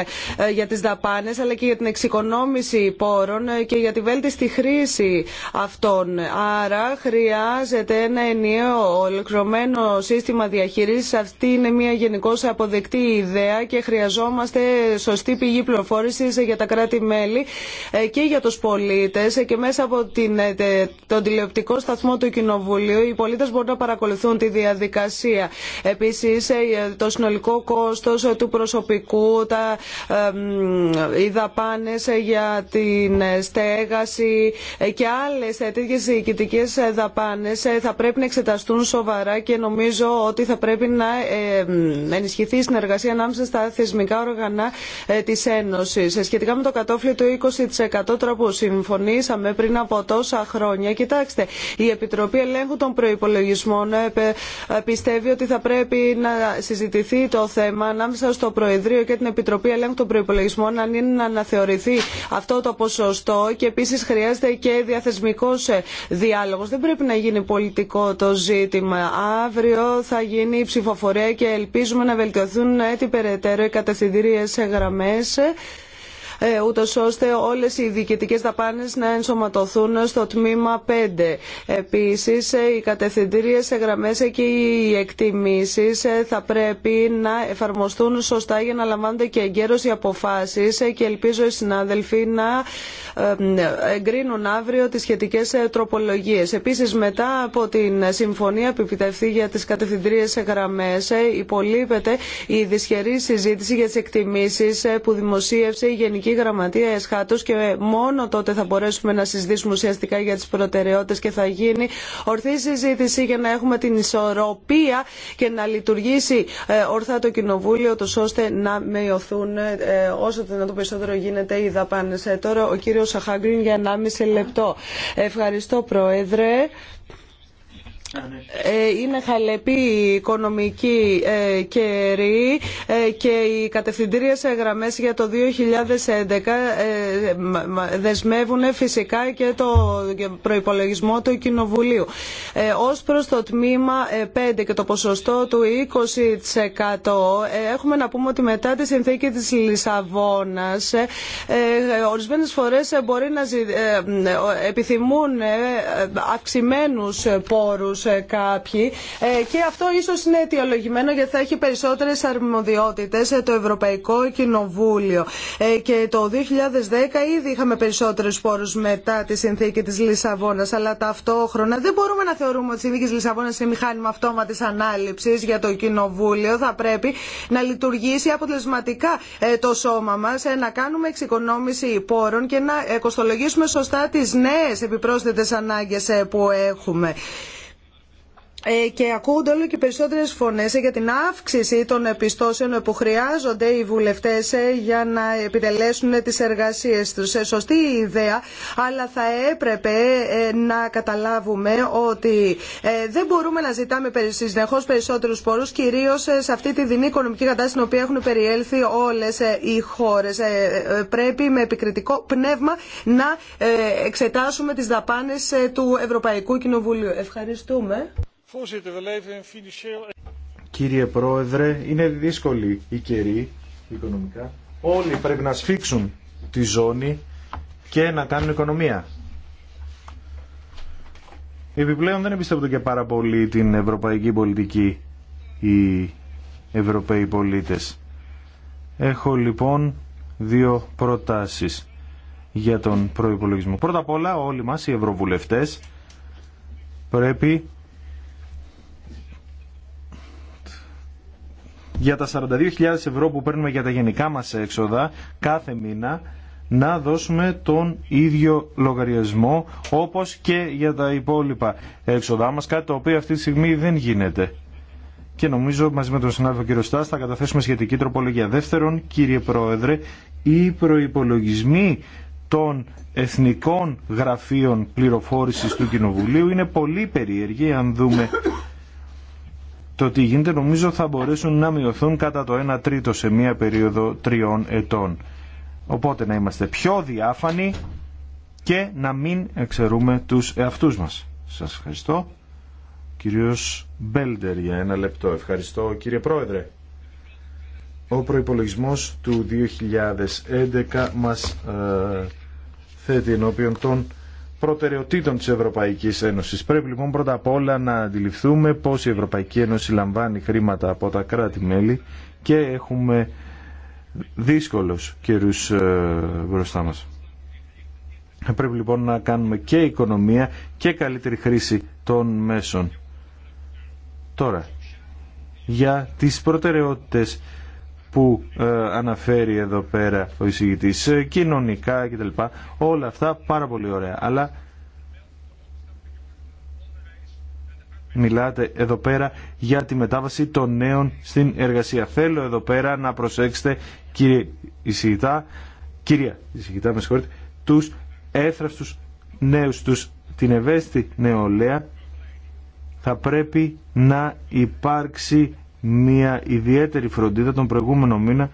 για τις δαπάνες αλλά και για την εξοικονόμηση πόρων και για τη βέλτιστη χρήση αυτών. Άρα χρειάζεται ένα ενιαίο ολοκληρωμένο σύστημα διαχείρισης. Αυτή είναι μια γενικώ αποδεκτή ιδέα και χρειαζόμαστε σωστή πηγή πληροφόρηση για τα κράτη-μέλη ε, και για του πολίτε. Ε, και μέσα από την, ε, τον τηλεοπτικό σταθμό του Κοινοβουλίου οι πολίτε μπορούν να παρακολουθούν τη διαδικασία. Επίση, το συνολικό κόστο του προσωπικού, τα, οι δαπάνε για την στέγαση και άλλε τέτοιε διοικητικέ δαπάνε θα πρέπει να εξεταστούν σοβαρά και νομίζω ότι θα πρέπει να ενισχύσουμε ενισχυθεί η συνεργασία ανάμεσα στα θεσμικά όργανα ε, τη Ένωση. Ε, σχετικά με το κατόφλι του 20% τρόπο συμφωνήσαμε πριν από τόσα χρόνια. Κοιτάξτε, η Επιτροπή Ελέγχου των προπολογισμών ε, πιστεύει ότι θα πρέπει να συζητηθεί το θέμα ανάμεσα στο Προεδρείο και την Επιτροπή Ελέγχου των Προπολογισμών, αν είναι να αναθεωρηθεί αυτό το ποσοστό και επίση χρειάζεται και διαθεσμικό διάλογο. Δεν πρέπει να γίνει πολιτικό το ζήτημα. Αύριο θα γίνει η ψηφοφορία και ελπίζουμε να βελτιωθούν έτσι περαιτέρω οι κατευθυντήριες γραμμές ε, ούτως ώστε όλες οι διοικητικέ δαπάνες να ενσωματωθούν στο τμήμα 5. Επίσης, ε, οι σε γραμμέ και οι εκτιμήσεις ε, θα πρέπει να εφαρμοστούν σωστά για να λαμβάνονται και εγκαίρω οι αποφάσει και ελπίζω οι συνάδελφοι να εγκρίνουν αύριο τις σχετικές τροπολογίε. Επίσης, μετά από την συμφωνία που επιτευχθεί για τι σε γραμμέ, υπολείπεται η δυσχερή συζήτηση για τι εκτιμήσει που δημοσίευσε η Γενική Γενική Γραμματεία Εσχάτως και μόνο τότε θα μπορέσουμε να συζητήσουμε ουσιαστικά για τις προτεραιότητε και θα γίνει ορθή συζήτηση για να έχουμε την ισορροπία και να λειτουργήσει ε, ορθά το Κοινοβούλιο ώστε να μειωθούν ε, όσο δυνατόν περισσότερο γίνεται οι δαπάνες. Ε, τώρα ο κύριος Σαχάγκριν για 1,5 λεπτό. Ευχαριστώ Πρόεδρε. Ε, είναι χαλεπή η οικονομική ε, καιρή ε, και οι κατευθυντήριες γραμμές για το 2011 δεσμεύουν φυσικά και το προϋπολογισμό του Κοινοβουλίου. Ως προς το τμήμα 5 και το ποσοστό του 20% έχουμε να πούμε ότι μετά τη συνθήκη της Λισαβόνας ορισμένες φορές μπορεί να επιθυμούν αυξημένους πόρους ε, κάποιοι ε, και αυτό ίσως είναι αιτιολογημένο γιατί θα έχει περισσότερες αρμοδιότητες ε, το Ευρωπαϊκό Κοινοβούλιο και το 2010 ήδη είχαμε περισσότερους πόρους μετά τη συνθήκη της Λισαβόνας αλλά ταυτόχρονα δεν μπορούμε να θεωρούμε ότι η συνθήκη της Λισαβόνας είναι μηχάνημα αυτόματης ανάληψης για το Κοινοβούλιο θα πρέπει να λειτουργήσει αποτελεσματικά το σώμα μας να κάνουμε εξοικονόμηση πόρων και να κοστολογήσουμε σωστά τις νέες επιπρόσθετες ανάγκες που έχουμε. Ε, και ακούγονται όλο και περισσότερες φωνές για την αύξηση των επιστώσεων που χρειάζονται οι βουλευτές ε, για να επιτελέσουν τις εργασίες τους. Ε, σωστή ιδέα, αλλά θα έπρεπε να καταλάβουμε ότι δεν μπορούμε να ζητάμε συνεχώς περισσότερους πόρους, κυρίως σε αυτή τη δινή οικονομική κατάσταση στην οποία έχουν περιέλθει όλες οι χώρες. Πρέπει με επικριτικό πνεύμα να εξετάσουμε τις δαπάνες του Ευρωπαϊκού Κοινοβουλίου. Ευχαριστούμε. Κύριε Πρόεδρε, είναι δύσκολη η καιρή οικονομικά. Όλοι πρέπει να σφίξουν τη ζώνη και να κάνουν οικονομία. Επιπλέον δεν εμπιστεύονται και πάρα πολύ την ευρωπαϊκή πολιτική οι ευρωπαίοι πολίτες. Έχω λοιπόν δύο προτάσεις για τον προϋπολογισμό. Πρώτα απ' όλα όλοι μας οι ευρωβουλευτές πρέπει για τα 42.000 ευρώ που παίρνουμε για τα γενικά μας έξοδα κάθε μήνα να δώσουμε τον ίδιο λογαριασμό όπως και για τα υπόλοιπα έξοδά μας, κάτι το οποίο αυτή τη στιγμή δεν γίνεται. Και νομίζω μαζί με τον συνάδελφο κύριο Στάς θα καταθέσουμε σχετική τροπολογία. Δεύτερον, κύριε Πρόεδρε, οι προϋπολογισμοί των εθνικών γραφείων πληροφόρησης του Κοινοβουλίου είναι πολύ περίεργοι αν δούμε το τι γίνεται νομίζω θα μπορέσουν να μειωθούν κατά το 1 τρίτο σε μία περίοδο τριών ετών. Οπότε να είμαστε πιο διάφανοι και να μην εξαιρούμε τους εαυτούς μας. Σας ευχαριστώ. Κύριος Μπέλντερ για ένα λεπτό. Ευχαριστώ κύριε Πρόεδρε. Ο προϋπολογισμός του 2011 μας ε, θέτει ενώπιον των προτεραιοτήτων της Ευρωπαϊκής Ένωσης. Πρέπει λοιπόν πρώτα απ' όλα να αντιληφθούμε πώς η Ευρωπαϊκή Ένωση λαμβάνει χρήματα από τα κράτη-μέλη και έχουμε δύσκολους καιρούς ε, μπροστά μας. Πρέπει λοιπόν να κάνουμε και οικονομία και καλύτερη χρήση των μέσων. Τώρα, για τις προτεραιότητες που ε, αναφέρει εδώ πέρα ο εισηγητής, ε, κοινωνικά κτλ. Όλα αυτά πάρα πολύ ωραία. Αλλά μιλάτε εδώ πέρα για τη μετάβαση των νέων στην εργασία. Θέλω εδώ πέρα να προσέξετε κύριε εισηγητά, κυρία εισηγητά με συγχωρείτε, τους έθραυστους νέους, τους, την ευαίσθητη νεολαία θα πρέπει να υπάρξει μια ιδιαίτερη φροντίδα τον προηγούμενο μήνα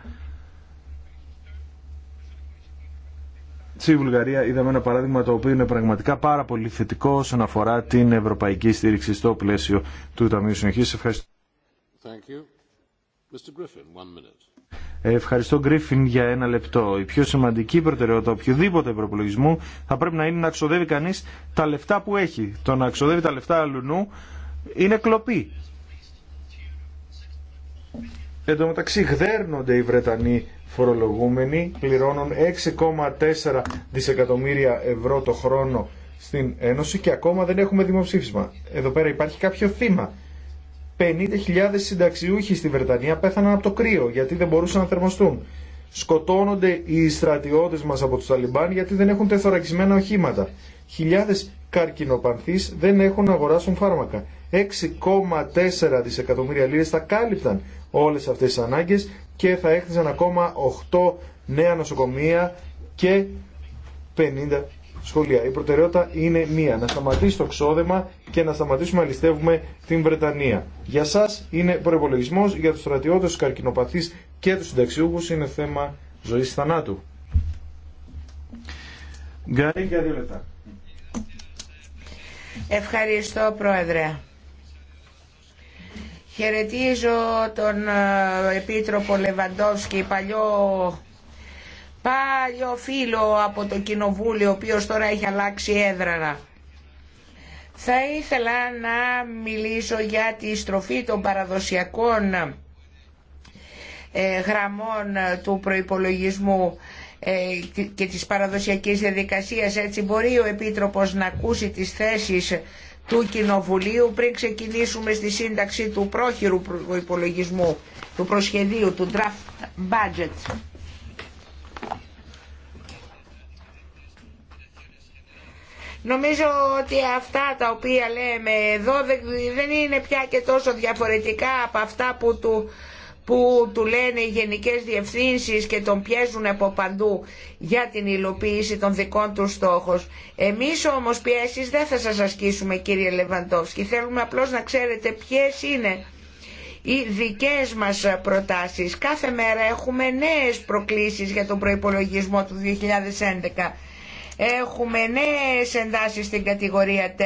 Στη Βουλγαρία είδαμε ένα παράδειγμα το οποίο είναι πραγματικά πάρα πολύ θετικό όσον αφορά την ευρωπαϊκή στήριξη στο πλαίσιο του Ταμείου Συνοχής. Ευχαριστώ. Ευχαριστώ Γκρίφιν για ένα λεπτό. Η πιο σημαντική προτεραιότητα οποιοδήποτε προπολογισμού θα πρέπει να είναι να ξοδεύει κανείς τα λεφτά που έχει. Το να ξοδεύει τα λεφτά αλλού είναι κλοπή. Εν τω μεταξύ γδέρνονται οι Βρετανοί φορολογούμενοι, πληρώνουν 6,4 δισεκατομμύρια ευρώ το χρόνο στην Ένωση και ακόμα δεν έχουμε δημοψήφισμα. Εδώ πέρα υπάρχει κάποιο θύμα. 50.000 συνταξιούχοι στη Βρετανία πέθαναν από το κρύο γιατί δεν μπορούσαν να θερμοστούν. Σκοτώνονται οι στρατιώτες μας από τους Ταλιμπάν γιατί δεν έχουν τεθωρακισμένα οχήματα. Χιλιάδες καρκινοπανθείς δεν έχουν να αγοράσουν φάρμακα. 6,4 δισεκατομμύρια λίρες θα κάλυπταν όλες αυτές τις ανάγκες και θα έχτιζαν ακόμα 8 νέα νοσοκομεία και 50 σχολεία. Η προτεραιότητα είναι μία, να σταματήσει το ξόδεμα και να σταματήσουμε να ληστεύουμε την Βρετανία. Για σας είναι προπολογισμό, για τους στρατιώτες, τους καρκινοπαθείς και του συνταξιούχους είναι θέμα ζωής θανάτου. Γκάρι για δύο λεπτά. Ευχαριστώ Πρόεδρε. Χαιρετίζω τον ε, Επίτροπο Λεβαντόφσκι, παλιό, παλιό φίλο από το Κοινοβούλιο, ο οποίος τώρα έχει αλλάξει έδρανα. Θα ήθελα να μιλήσω για τη στροφή των παραδοσιακών ε, γραμμών του προϋπολογισμού ε, και της παραδοσιακής διαδικασίας. Έτσι μπορεί ο Επίτροπος να ακούσει τις θέσεις του Κοινοβουλίου πριν ξεκινήσουμε στη σύνταξη του πρόχειρου υπολογισμού, του προσχεδίου, του draft budget. Νομίζω ότι αυτά τα οποία λέμε εδώ δεν είναι πια και τόσο διαφορετικά από αυτά που του που του λένε οι γενικές διευθύνσεις και τον πιέζουν από παντού για την υλοποίηση των δικών του στόχων. Εμείς όμως πιέσεις δεν θα σας ασκήσουμε κύριε Λεβαντόφσκι, θέλουμε απλώς να ξέρετε ποιες είναι οι δικές μας προτάσεις. Κάθε μέρα έχουμε νέες προκλήσεις για τον προϋπολογισμό του 2011 έχουμε νέες εντάσεις στην κατηγορία 4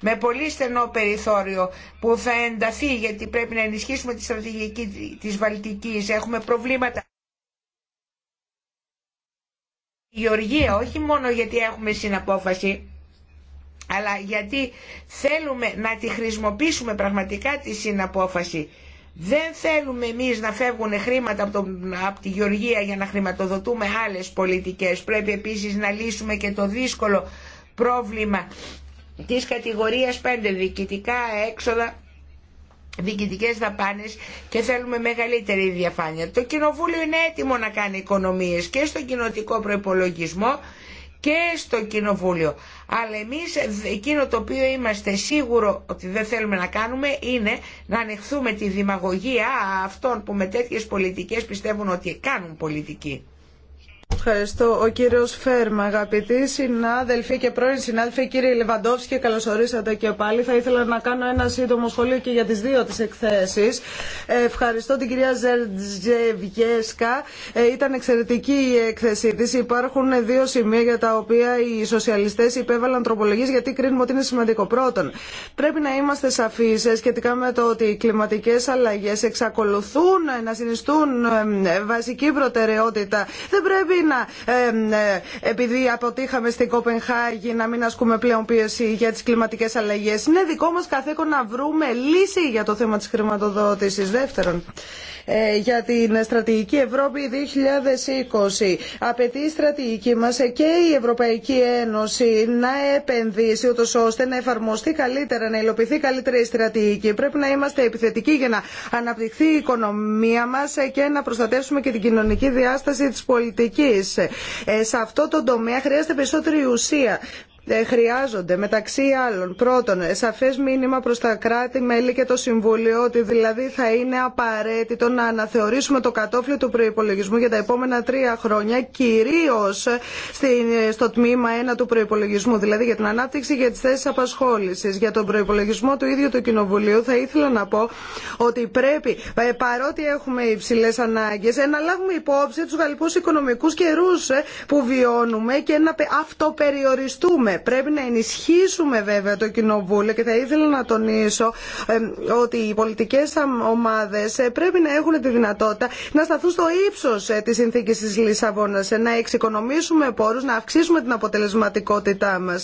με πολύ στενό περιθώριο που θα ενταθεί γιατί πρέπει να ενισχύσουμε τη στρατηγική της Βαλτικής. Έχουμε προβλήματα. Η Γεωργία όχι μόνο γιατί έχουμε συναπόφαση αλλά γιατί θέλουμε να τη χρησιμοποιήσουμε πραγματικά τη συναπόφαση δεν θέλουμε εμείς να φεύγουν χρήματα από, τη Γεωργία για να χρηματοδοτούμε άλλες πολιτικές. Πρέπει επίσης να λύσουμε και το δύσκολο πρόβλημα της κατηγορίας 5 διοικητικά έξοδα διοικητικέ δαπάνε, και θέλουμε μεγαλύτερη διαφάνεια. Το Κοινοβούλιο είναι έτοιμο να κάνει οικονομίες και στον κοινοτικό προπολογισμό και στο Κοινοβούλιο. Αλλά εμείς εκείνο το οποίο είμαστε σίγουρο ότι δεν θέλουμε να κάνουμε είναι να ανεχθούμε τη δημαγωγία αυτών που με τέτοιες πολιτικές πιστεύουν ότι κάνουν πολιτική. Ευχαριστώ. Ο κύριο Φέρμα, αγαπητοί συνάδελφοι και πρώην συνάδελφοι, κύριε Λεβαντόφσκι, καλώ ορίσατε και πάλι. Θα ήθελα να κάνω ένα σύντομο σχόλιο και για τι δύο τις εκθέσει. Ευχαριστώ την κυρία Ζερτζεβιέσκα. Ε, ήταν εξαιρετική η έκθεσή τη. Υπάρχουν δύο σημεία για τα οποία οι σοσιαλιστέ υπέβαλαν τροπολογίε γιατί κρίνουμε ότι είναι σημαντικό. Πρώτον, πρέπει να είμαστε σαφείς σχετικά με το ότι οι κλιματικέ αλλαγέ εξακολουθούν να συνιστούν ε, βασική προτεραιότητα. Δεν πρέπει να να, ε, επειδή αποτύχαμε στην Κοπενχάγη, να μην ασκούμε πλέον πίεση για τι κλιματικέ αλλαγέ. Είναι δικό μα καθήκον να βρούμε λύση για το θέμα τη χρηματοδότηση. Δεύτερον, ε, για την στρατηγική Ευρώπη 2020. Απαιτεί η στρατηγική μας και η Ευρωπαϊκή Ένωση να επενδύσει ούτως ώστε να εφαρμοστεί καλύτερα, να υλοποιηθεί καλύτερα η στρατηγική. Πρέπει να είμαστε επιθετικοί για να αναπτυχθεί η οικονομία μας και να προστατεύσουμε και την κοινωνική διάσταση της πολιτικής. Ε, σε αυτό το τομέα χρειάζεται περισσότερη ουσία ε, χρειάζονται μεταξύ άλλων πρώτον σαφές μήνυμα προς τα κράτη-μέλη και το Συμβούλιο ότι δηλαδή θα είναι απαραίτητο να αναθεωρήσουμε το κατόφλιο του προϋπολογισμού για τα επόμενα τρία χρόνια κυρίως στο τμήμα 1 του προϋπολογισμού δηλαδή για την ανάπτυξη για τις θέσεις απασχόλησης για τον προϋπολογισμό του ίδιου του Κοινοβουλίου θα ήθελα να πω ότι πρέπει ε, παρότι έχουμε υψηλέ ανάγκες να λάβουμε υπόψη τους γαλλικούς οικονομικούς καιρούς ε, που βιώνουμε και να αυτοπεριοριστούμε Πρέπει να ενισχύσουμε βέβαια το Κοινοβούλιο και θα ήθελα να τονίσω ε, ότι οι πολιτικέ ομάδε ε, πρέπει να έχουν τη δυνατότητα να σταθούν στο ύψο ε, τη συνθήκη τη Λισαβόνα, να εξοικονομήσουμε πόρου, να αυξήσουμε την αποτελεσματικότητά μα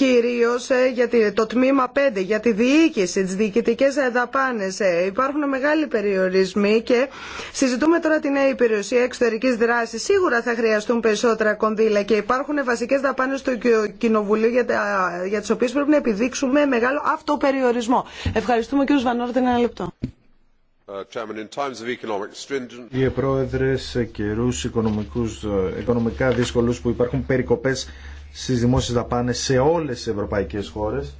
κυρίως ε, για το τμήμα 5, για τη διοίκηση, τις διοικητικές δαπάνες. Ε, υπάρχουν μεγάλοι περιορισμοί και συζητούμε τώρα την νέα υπηρεσία εξωτερικής δράσης. Σίγουρα θα χρειαστούν περισσότερα κονδύλα και υπάρχουν βασικές δαπάνες στο Κοινοβουλίου για, για τις οποίες πρέπει να επιδείξουμε μεγάλο αυτοπεριορισμό. Ευχαριστούμε κύριο Βανόρτη ένα λεπτό. Uh, Κύριε Πρόεδρε, σε καιρού ε, οικονομικά δύσκολου που υπάρχουν περικοπέ στις δημόσιες δαπάνες σε όλες τις ευρωπαϊκές χώρες.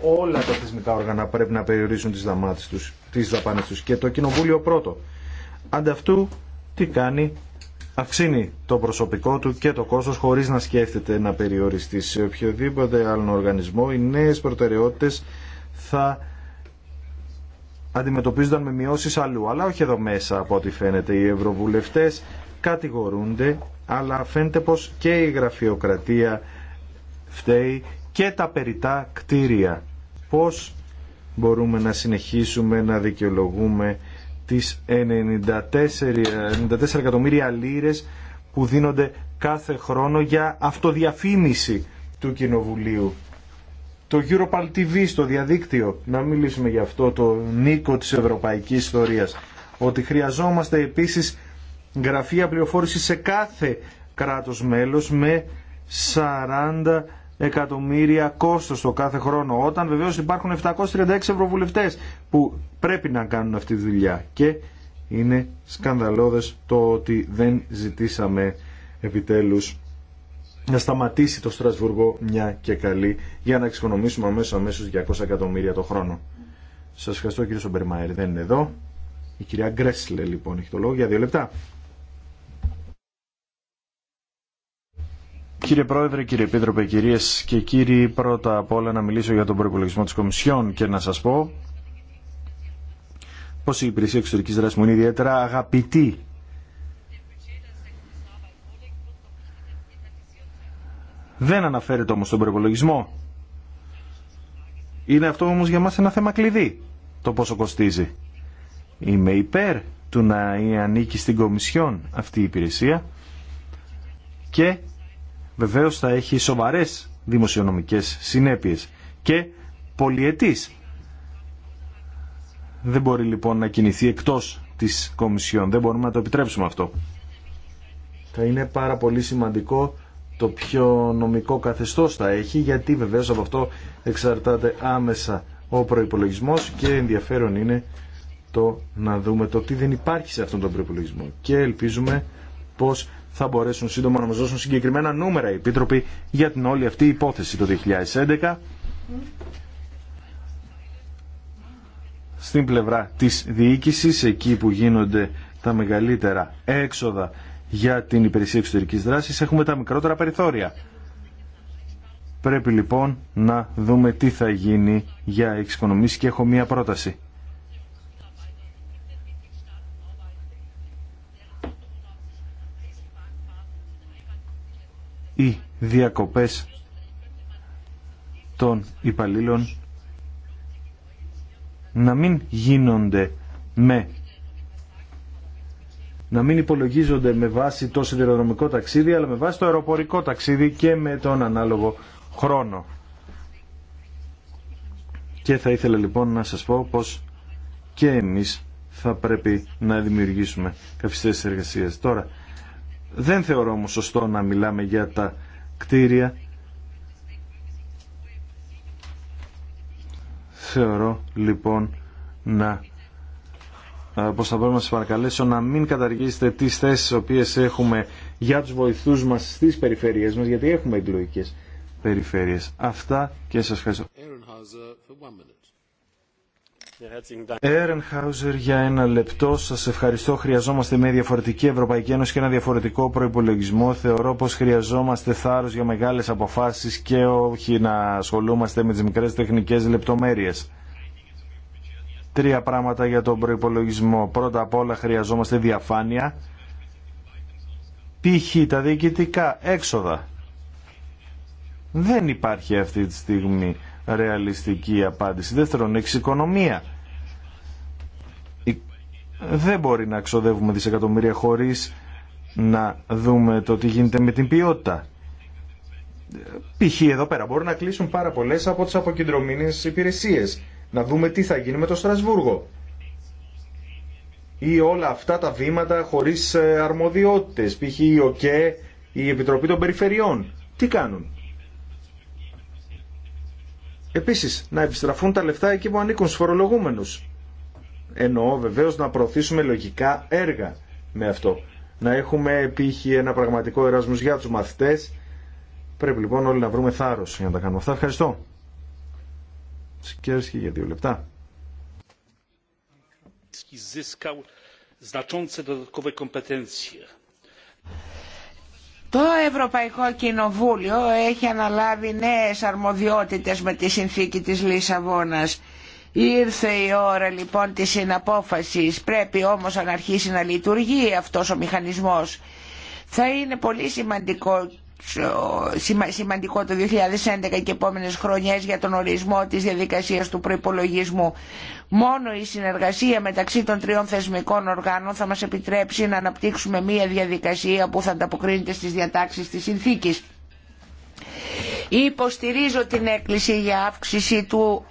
Όλα τα θεσμικά όργανα πρέπει να περιορίσουν τις, τους, τις δαπάνες τους και το Κοινοβούλιο πρώτο. Ανταυτού τι κάνει, αυξήνει το προσωπικό του και το κόστος χωρίς να σκέφτεται να περιοριστεί σε οποιοδήποτε άλλο οργανισμό. Οι νέες προτεραιότητες θα αντιμετωπίζονταν με μειώσεις αλλού, αλλά όχι εδώ μέσα από ό,τι φαίνεται. Οι ευρωβουλευτές κατηγορούνται, αλλά φαίνεται πως και η γραφειοκρατία φταίει και τα περιτά κτίρια. Πώς μπορούμε να συνεχίσουμε να δικαιολογούμε τις 94, 94 εκατομμύρια λίρες που δίνονται κάθε χρόνο για αυτοδιαφήμιση του Κοινοβουλίου. Το Europal TV στο διαδίκτυο, να μιλήσουμε για αυτό το νίκο της ευρωπαϊκής ιστορίας, ότι χρειαζόμαστε επίσης γραφεία πληροφόρηση σε κάθε κράτος μέλος με 40 εκατομμύρια κόστος το κάθε χρόνο. Όταν βεβαίως υπάρχουν 736 ευρωβουλευτές που πρέπει να κάνουν αυτή τη δουλειά και είναι σκανδαλώδες το ότι δεν ζητήσαμε επιτέλους να σταματήσει το Στρασβουργό μια και καλή για να εξοικονομήσουμε αμέσως αμέσως 200 εκατομμύρια το χρόνο. Σας ευχαριστώ κύριε Σομπερμαέρη, δεν είναι εδώ. Η κυρία Γκρέσλε λοιπόν έχει το λόγο για δύο λεπτά. Κύριε Πρόεδρε, κύριε Επίτροπε, κυρίε και κύριοι, πρώτα απ' όλα να μιλήσω για τον προπολογισμό της Κομισιόν και να σας πω πως η υπηρεσία εξωτερική δράσης μου είναι ιδιαίτερα αγαπητή Δεν αναφέρεται όμω τον προπολογισμό. Είναι αυτό όμω για μας ένα θέμα κλειδί, το πόσο κοστίζει. Είμαι υπέρ του να ανήκει στην Κομισιόν αυτή η υπηρεσία και βεβαίως θα έχει σοβαρές δημοσιονομικές συνέπειες και πολιετής. Δεν μπορεί λοιπόν να κινηθεί εκτός της Κομισιόν. Δεν μπορούμε να το επιτρέψουμε αυτό. Θα είναι πάρα πολύ σημαντικό το πιο νομικό καθεστώς θα έχει γιατί βεβαίως από αυτό εξαρτάται άμεσα ο προϋπολογισμός και ενδιαφέρον είναι το να δούμε το τι δεν υπάρχει σε αυτόν τον προϋπολογισμό και ελπίζουμε πως θα μπορέσουν σύντομα να μας δώσουν συγκεκριμένα νούμερα οι επίτροποι για την όλη αυτή η υπόθεση το 2011 στην πλευρά της διοίκησης, εκεί που γίνονται τα μεγαλύτερα έξοδα για την υπηρεσία εξωτερικής δράσης, έχουμε τα μικρότερα περιθώρια. Πρέπει λοιπόν να δούμε τι θα γίνει για εξοικονομήσεις και έχω μία πρόταση. οι διακοπές των υπαλλήλων να μην γίνονται με να μην υπολογίζονται με βάση το σιδηροδρομικό ταξίδι αλλά με βάση το αεροπορικό ταξίδι και με τον ανάλογο χρόνο. Και θα ήθελα λοιπόν να σας πω πως και εμείς θα πρέπει να δημιουργήσουμε κάποιες εργασία Τώρα, δεν θεωρώ όμως σωστό να μιλάμε για τα κτίρια. Θεωρώ λοιπόν να ε, πως θα μπορούμε να σας παρακαλέσω να μην καταργήσετε τις θέσεις οποίες έχουμε για τους βοηθούς μας στις περιφέρειές μας γιατί έχουμε εκλογικές περιφέρειες. Αυτά και σας ευχαριστώ. Έρενχάουζερ, για ένα λεπτό. Σα ευχαριστώ. Χρειαζόμαστε μια διαφορετική Ευρωπαϊκή Ένωση και ένα διαφορετικό προπολογισμό. Θεωρώ πω χρειαζόμαστε θάρρο για μεγάλε αποφάσει και όχι να ασχολούμαστε με τι μικρέ τεχνικέ λεπτομέρειε. Τρία πράγματα για τον προπολογισμό. Πρώτα απ' όλα χρειαζόμαστε διαφάνεια. Π.χ. τα διοικητικά έξοδα. Δεν υπάρχει αυτή τη στιγμή ρεαλιστική απάντηση. Δεύτερον, εξοικονομία. Δεν μπορεί να ξοδεύουμε δισεκατομμύρια χωρίς να δούμε το τι γίνεται με την ποιότητα. Π.χ. εδώ πέρα μπορούν να κλείσουν πάρα πολλέ από τις αποκεντρωμένες υπηρεσίες. Να δούμε τι θα γίνει με το Στρασβούργο ή όλα αυτά τα βήματα χωρίς ε, αρμοδιότητες, π.χ. η ΟΚΕ, η Επιτροπή των Περιφερειών. Τι κάνουν. Επίσης, να επιστραφούν τα λεφτά εκεί που ανήκουν στου φορολογούμενου. Εννοώ βεβαίω να προωθήσουμε λογικά έργα με αυτό. Να έχουμε π.χ. ένα πραγματικό ερασμό για τους μαθητές. Πρέπει λοιπόν όλοι να βρούμε θάρρο για να τα κάνουμε αυτά. Ευχαριστώ. Σκέρσκι για δύο λεπτά. Το Ευρωπαϊκό Κοινοβούλιο έχει αναλάβει νέες αρμοδιότητες με τη συνθήκη της Λισαβόνας. Ήρθε η ώρα λοιπόν της συναπόφασης, πρέπει όμως να αρχίσει να λειτουργεί αυτός ο μηχανισμός. Θα είναι πολύ σημαντικό ε, σημαντικό το 2011 και επόμενες χρονιές για τον ορισμό της διαδικασίας του προϋπολογισμού. Μόνο η συνεργασία μεταξύ των τριών θεσμικών οργάνων θα μας επιτρέψει να αναπτύξουμε μία διαδικασία που θα ανταποκρίνεται στις διατάξεις της συνθήκης. Υποστηρίζω την έκκληση για αύξηση του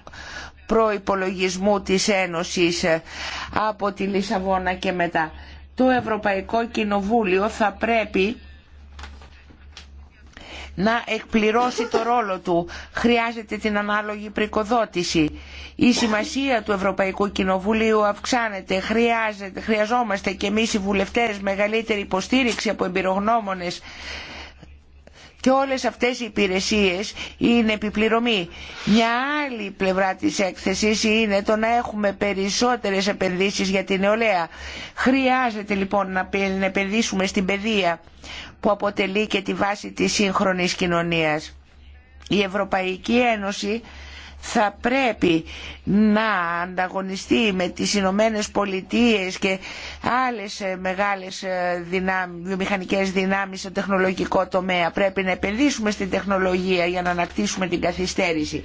προϋπολογισμού της Ένωσης ε, από τη Λισαβόνα και μετά. Το Ευρωπαϊκό Κοινοβούλιο θα πρέπει να εκπληρώσει το ρόλο του. Χρειάζεται την ανάλογη πρικοδότηση. Η σημασία του Ευρωπαϊκού Κοινοβουλίου αυξάνεται. Χρειάζεται, χρειαζόμαστε και εμείς οι βουλευτές μεγαλύτερη υποστήριξη από εμπειρογνώμονες και όλες αυτές οι υπηρεσίες είναι επιπληρωμή. Μια άλλη πλευρά της έκθεσης είναι το να έχουμε περισσότερες επενδύσεις για την νεολαία. Χρειάζεται λοιπόν να επενδύσουμε στην παιδεία που αποτελεί και τη βάση της σύγχρονης κοινωνίας. Η Ευρωπαϊκή Ένωση θα πρέπει να ανταγωνιστεί με τις Ηνωμένε Πολιτείε και άλλες ε, μεγάλες ε, δυνάμεις, βιομηχανικές δυνάμεις στο τεχνολογικό τομέα. Πρέπει να επενδύσουμε στην τεχνολογία για να ανακτήσουμε την καθυστέρηση.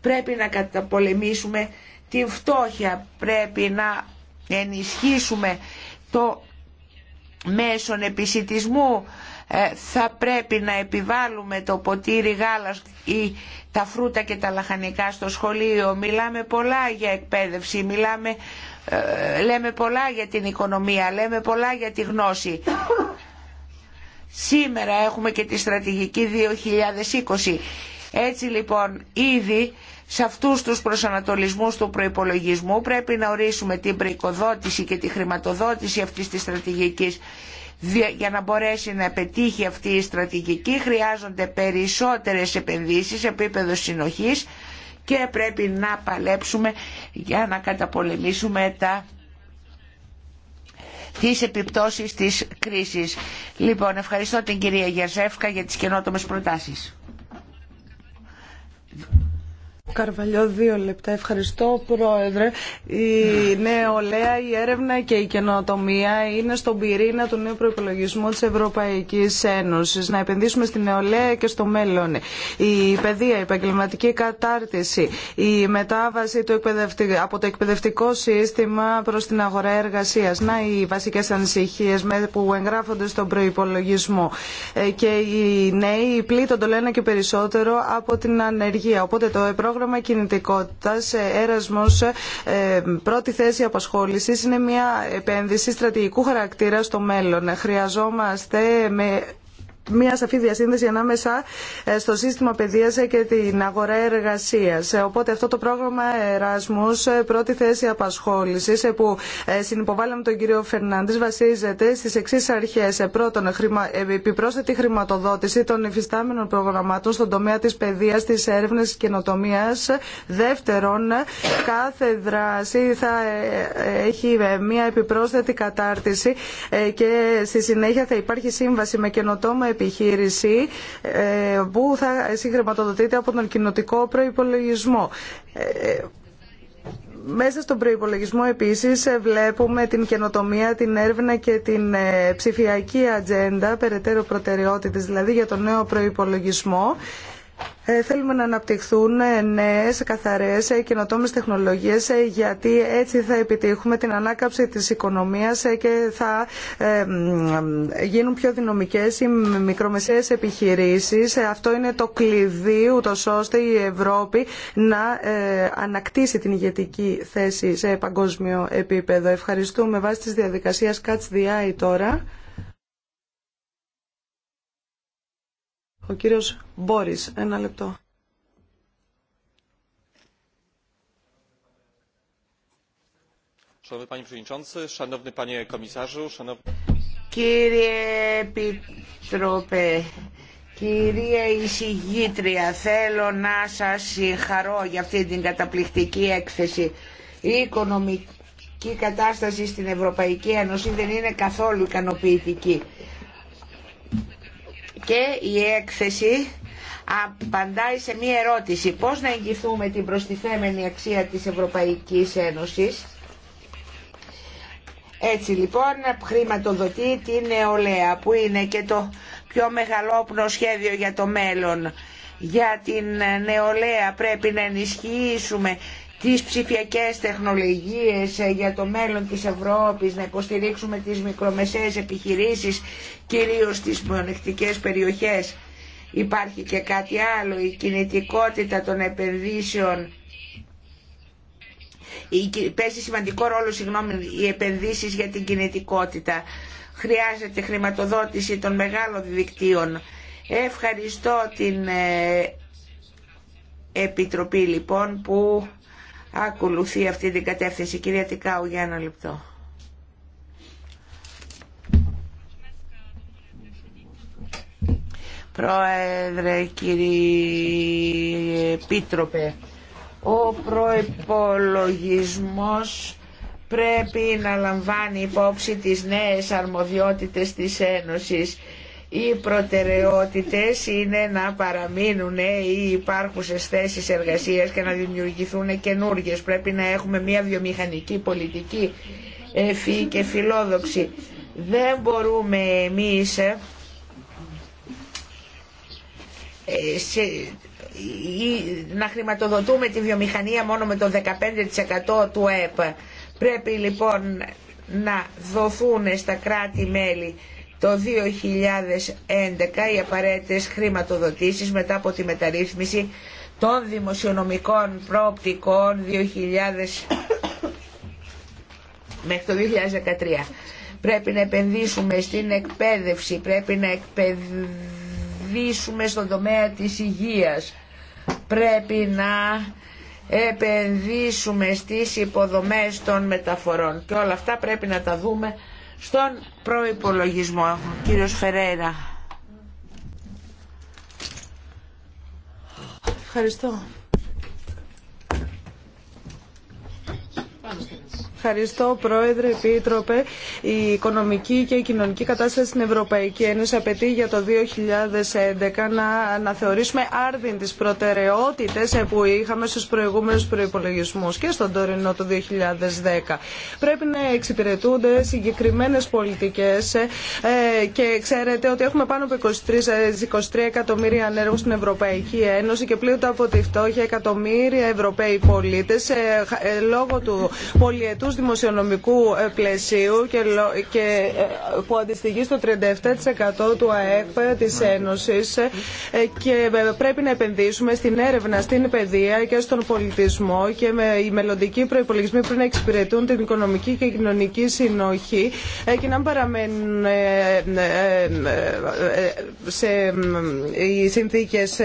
Πρέπει να καταπολεμήσουμε την φτώχεια. Πρέπει να ενισχύσουμε το μέσων επισητισμού ε, θα πρέπει να επιβάλλουμε το ποτήρι γάλας ή τα φρούτα και τα λαχανικά στο σχολείο. Μιλάμε πολλά για εκπαίδευση, μιλάμε, ε, λέμε πολλά για την οικονομία, λέμε πολλά για τη γνώση. Σήμερα έχουμε και τη στρατηγική 2020. Έτσι λοιπόν ήδη σε αυτούς τους προσανατολισμούς του προϋπολογισμού πρέπει να ορίσουμε την προϋκοδότηση και τη χρηματοδότηση αυτής της στρατηγικής για να μπορέσει να πετύχει αυτή η στρατηγική χρειάζονται περισσότερες επενδύσεις σε επίπεδο συνοχής και πρέπει να παλέψουμε για να καταπολεμήσουμε τα τις επιπτώσεις της κρίσης. Λοιπόν, ευχαριστώ την κυρία Γιαζεύκα για τις καινότομες προτάσεις. Καρβαλιό, δύο λεπτά. Ευχαριστώ, Πρόεδρε. Η νεολαία, η έρευνα και η καινοτομία είναι στον πυρήνα του νέου προπολογισμού τη Ευρωπαϊκή Ένωση. Να επενδύσουμε στη νεολαία και στο μέλλον. Η παιδεία, η επαγγελματική κατάρτιση, η μετάβαση του από το εκπαιδευτικό σύστημα προ την αγορά εργασία. Να οι βασικέ ανησυχίε που εγγράφονται στον προπολογισμό. Ε, και οι νέοι πλήττονται, λένε και περισσότερο, από την ανεργία. Οπότε το πρόγραμμα κινητικότητα, ε, έρασμο, ε, πρώτη θέση απασχόληση είναι μια επένδυση στρατηγικού χαρακτήρα στο μέλλον. Χρειαζόμαστε με μια σαφή διασύνδεση ανάμεσα ε, στο σύστημα παιδείας ε, και την αγορά εργασίας. Ε, οπότε αυτό το πρόγραμμα Εράσμους, πρώτη θέση απασχόλησης που συνυποβάλαμε τον κύριο Φερνάνδης βασίζεται στις εξής αρχές. Πρώτον, επιπρόσθετη χρηματοδότηση των υφιστάμενων προγραμμάτων στον τομέα της παιδείας, της έρευνας και καινοτομίας. Δεύτερον, κάθε δράση θα έχει μια επιπρόσθετη κατάρτιση και στη συνέχεια θα υπάρχει σύμβαση με καινοτόμα επιχείρηση ε, που θα συγχρηματοδοτείται από τον κοινοτικό προϋπολογισμό. Ε, ε, μέσα στον προϋπολογισμό επίσης βλέπουμε την καινοτομία, την έρευνα και την ψηφιακή ατζέντα, περαιτέρω προτεραιότητες δηλαδή για τον νέο προϋπολογισμό. Ε, θέλουμε να αναπτυχθούν ε, νέες καθαρές ε, καινοτόμες τεχνολογίες γιατί έτσι θα επιτύχουμε την ανάκαψη της οικονομίας και θα γίνουν πιο δυναμικές οι μικρομεσαίες επιχειρήσεις. Αυτό είναι το κλειδί ούτως ώστε η Ευρώπη να ανακτήσει την ηγετική θέση σε παγκόσμιο επίπεδο. Ευχαριστούμε βάσει της διαδικασίας Catch the Eye τώρα. Ο κύριος Μπόρις, ένα λεπτό. Κύριε Επιτροπέ, Κυρία Ισηγήτρια, θέλω να σας συγχαρώ για αυτή την καταπληκτική έκθεση. Η οικονομική κατάσταση στην Ευρωπαϊκή Ένωση δεν είναι καθόλου ικανοποιητική. Και η έκθεση απαντάει σε μία ερώτηση. Πώς να εγγυθούμε την προστιθέμενη αξία της Ευρωπαϊκής Ένωσης. Έτσι λοιπόν χρηματοδοτεί την νεολαία που είναι και το πιο μεγαλόπνο σχέδιο για το μέλλον. Για την νεολαία πρέπει να ενισχύσουμε τις ψηφιακές τεχνολογίες ε, για το μέλλον της Ευρώπης, να υποστηρίξουμε τις μικρομεσαίες επιχειρήσεις, κυρίως στις μονεκτικές περιοχές. Υπάρχει και κάτι άλλο, η κινητικότητα των επενδύσεων. Παίζει σημαντικό ρόλο, συγγνώμη, οι επενδύσεις για την κινητικότητα. Χρειάζεται χρηματοδότηση των μεγάλων δικτύων. Ευχαριστώ την ε, Επιτροπή λοιπόν που ακολουθεί αυτή την κατεύθυνση. Κυρία Τικάου, για ένα λεπτό. Πρόεδρε, κύριε πίτροπε, ο προϋπολογισμός πρέπει να λαμβάνει υπόψη τις νέες αρμοδιότητες της Ένωσης οι προτεραιότητες είναι να παραμείνουν οι υπάρχουσες θέσεις εργασίας και να δημιουργηθούν καινούργιε. Πρέπει να έχουμε μια βιομηχανική πολιτική ευφύ και φιλόδοξη. Δεν μπορούμε εμείς ε, να χρηματοδοτούμε τη βιομηχανία μόνο με το 15% του ΕΠ. Πρέπει λοιπόν να δοθούν στα κράτη-μέλη το 2011 οι απαραίτητες χρηματοδοτήσεις μετά από τη μεταρρύθμιση των δημοσιονομικών προοπτικών 2000 μέχρι το 2013. Πρέπει να επενδύσουμε στην εκπαίδευση, πρέπει να επενδύσουμε στον τομέα της υγείας, πρέπει να επενδύσουμε στις υποδομές των μεταφορών και όλα αυτά πρέπει να τα δούμε στον προϋπολογισμό. Κύριος Φερέρα. Ευχαριστώ. Ευχαριστώ, Πρόεδρε, Επίτροπε. Η οικονομική και η κοινωνική κατάσταση στην Ευρωπαϊκή Ένωση απαιτεί για το 2011 να θεωρήσουμε άρδιν τι προτεραιότητε που είχαμε στου προηγούμενους προπολογισμού και στον τωρινό το 2010. Πρέπει να εξυπηρετούνται συγκεκριμένες πολιτικές ε, και ξέρετε ότι έχουμε πάνω από 23, 23 εκατομμύρια ανέργους στην Ευρωπαϊκή Ένωση και πλήττονται από τη φτώχεια εκατομμύρια Ευρωπαίοι πολίτες ε, ε, λόγω του πολιετού δημοσιονομικού ε, πλαισίου και ε, που αντιστοιχεί στο 37% του ΑΕΠ της Ένωσης ε, και πρέπει να επενδύσουμε στην έρευνα, στην παιδεία και στον πολιτισμό και με οι μελλοντικοί προπολογισμοί πρέπει να εξυπηρετούν την οικονομική και κοινωνική συνοχή και να παραμένουν σε οι συνθήκες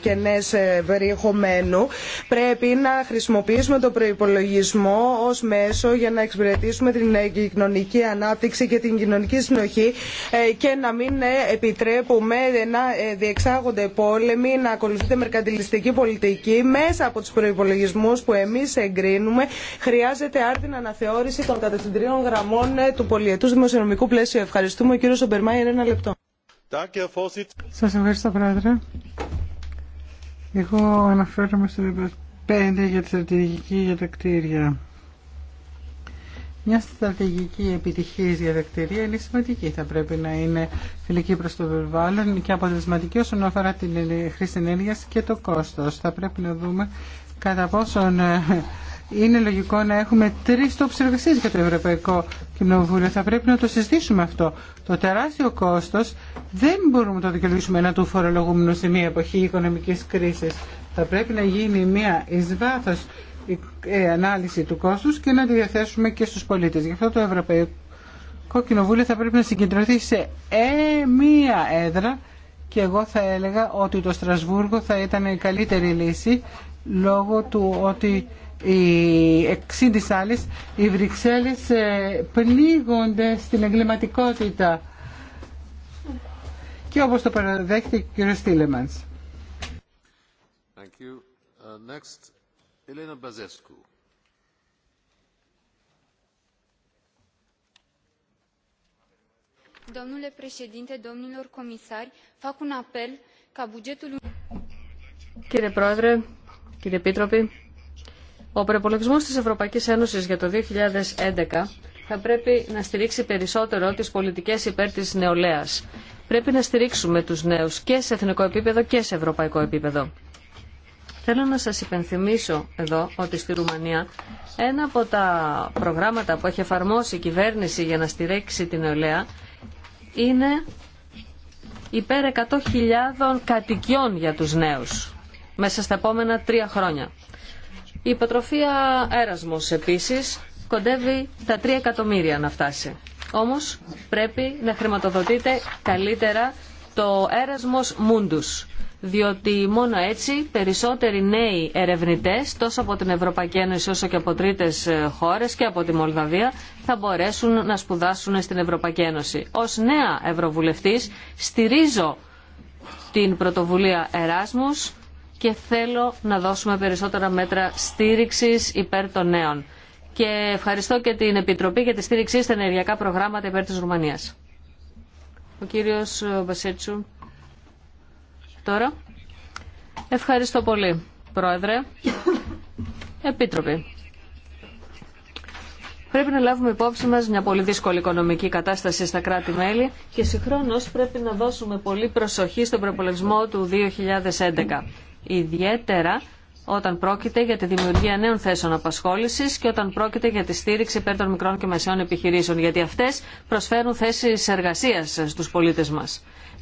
κενέ περιεχομένου. Πρέπει να χρησιμοποιήσουμε το προπολογισμό ως μέσο για να εξυπηρετήσουμε ε, την κοινωνική ανάπτυξη και την κοινωνική συνοχή ε, και να μην ε, επιτρέπουμε να διεξάγονται πόλεμοι, να ακολουθείται μερκαντιλιστική πολιτική μέσα από του προπολογισμού που εμεί εγκρίνουμε. Χρειάζεται άρτην αναθεώρηση των κατευθυντηρίων γραμμών του πολιετού δημοσιονομικού πλαίσιου. Ευχαριστούμε. Ο κύριο Σομπερμάιερ, ένα λεπτό. Σα ευχαριστώ, Πρόεδρε. Εγώ αναφέρομαι στο 5 για τη στρατηγική για τα κτίρια. Μια στρατηγική επιτυχής δεκτήρια είναι σημαντική. Θα πρέπει να είναι φιλική προς το περιβάλλον και αποτελεσματική όσον αφορά την χρήση ενέργεια και το κόστος. Θα πρέπει να δούμε κατά πόσον ε, είναι λογικό να έχουμε τρει τόπου για το Ευρωπαϊκό Κοινοβούλιο. Θα πρέπει να το συζητήσουμε αυτό. Το τεράστιο κόστο δεν μπορούμε να το δικαιολογήσουμε ένα του φορολογούμενου σε μια εποχή οικονομική κρίση. Θα πρέπει να γίνει μια ει ε, ανάλυση του κόστους και να τη διαθέσουμε και στους πολίτες. Γι' αυτό το Ευρωπαϊκό Κοινοβούλιο θα πρέπει να συγκεντρωθεί σε ε, μία έδρα και εγώ θα έλεγα ότι το Στρασβούργο θα ήταν η καλύτερη λύση λόγω του ότι οι τη άλλη, οι Βρυξέλλες ε, πνίγονται στην εγκληματικότητα και όπως το παραδέχεται ο κ. Στίλεμανς. Κύριε Πρόεδρε, κύριε Επίτροπη, ο προπολογισμό της Ευρωπαϊκής Ένωσης για το 2011 θα πρέπει να στηρίξει περισσότερο τις πολιτικές υπέρ της νεολαίας. Πρέπει να στηρίξουμε τους νέους και σε εθνικό επίπεδο και σε ευρωπαϊκό επίπεδο. Θέλω να σας υπενθυμίσω εδώ ότι στη Ρουμανία ένα από τα προγράμματα που έχει εφαρμόσει η κυβέρνηση για να στηρίξει την νεολαία είναι υπέρ 100.000 κατοικιών για τους νέους μέσα στα επόμενα τρία χρόνια. Η υποτροφία Έρασμος επίσης κοντεύει τα 3 εκατομμύρια να φτάσει. Όμως πρέπει να χρηματοδοτείται καλύτερα το Έρασμος Μούντους διότι μόνο έτσι περισσότεροι νέοι ερευνητές τόσο από την Ευρωπαϊκή Ένωση όσο και από τρίτες ε, χώρες και από τη Μολδαβία θα μπορέσουν να σπουδάσουν στην Ευρωπαϊκή Ένωση. Ως νέα Ευρωβουλευτής στηρίζω την πρωτοβουλία Εράσμους και θέλω να δώσουμε περισσότερα μέτρα στήριξης υπέρ των νέων. Και ευχαριστώ και την Επιτροπή για τη στήριξή στα ενεργειακά προγράμματα υπέρ της Ρουμανίας. Ε, Ευχαριστώ πολύ, Πρόεδρε. Επίτροποι. Πρέπει να λάβουμε υπόψη μας μια πολύ δύσκολη οικονομική κατάσταση στα κράτη-μέλη και συγχρόνως πρέπει να δώσουμε πολύ προσοχή στον προπολογισμό του 2011. Ιδιαίτερα όταν πρόκειται για τη δημιουργία νέων θέσεων απασχόληση και όταν πρόκειται για τη στήριξη υπέρ των μικρών και μεσαίων επιχειρήσεων, γιατί αυτέ προσφέρουν θέσει εργασία στου πολίτε μα.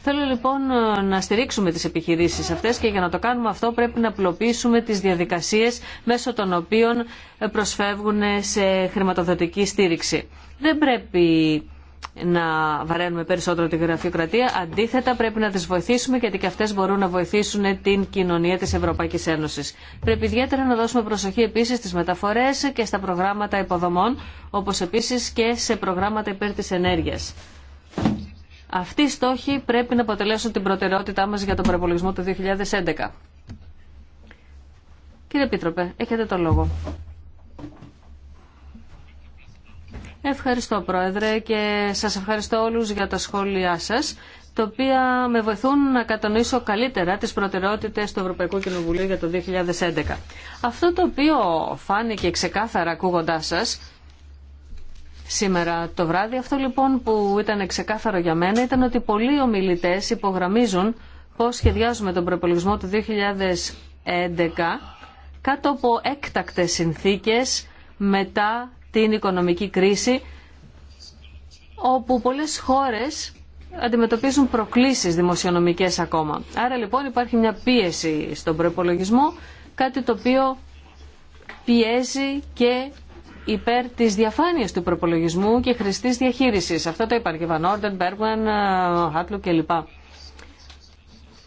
Θέλω λοιπόν να στηρίξουμε τις επιχειρήσεις αυτές και για να το κάνουμε αυτό πρέπει να απλοποιήσουμε τις διαδικασίες μέσω των οποίων προσφεύγουν σε χρηματοδοτική στήριξη. Δεν πρέπει να βαραίνουμε περισσότερο τη γραφειοκρατία. Αντίθετα, πρέπει να τι βοηθήσουμε γιατί και αυτέ μπορούν να βοηθήσουν την κοινωνία τη Ευρωπαϊκή Ένωση. Πρέπει ιδιαίτερα να δώσουμε προσοχή επίση στι μεταφορέ και στα προγράμματα υποδομών, όπω επίση και σε προγράμματα υπέρ τη ενέργεια. Αυτοί οι στόχοι πρέπει να αποτελέσουν την προτεραιότητά μας για τον προπολογισμό του 2011. Κύριε Επίτροπε, έχετε το λόγο. Ευχαριστώ Πρόεδρε και σας ευχαριστώ όλους για τα σχόλιά σας τα οποία με βοηθούν να κατανοήσω καλύτερα τις προτεραιότητες του Ευρωπαϊκού Κοινοβουλίου για το 2011. Αυτό το οποίο φάνηκε ξεκάθαρα ακούγοντάς σας σήμερα το βράδυ. Αυτό λοιπόν που ήταν ξεκάθαρο για μένα ήταν ότι πολλοί ομιλητές υπογραμμίζουν πώς σχεδιάζουμε τον προπολογισμό του 2011 κάτω από έκτακτες συνθήκες μετά την οικονομική κρίση όπου πολλές χώρες αντιμετωπίζουν προκλήσεις δημοσιονομικές ακόμα. Άρα λοιπόν υπάρχει μια πίεση στον προπολογισμό, κάτι το οποίο πιέζει και υπέρ της διαφάνειας του προπολογισμού και χρηστή διαχείριση. Αυτό το είπαν και Βανόρντεν, Μπέργουεν, Χάτλου κλπ.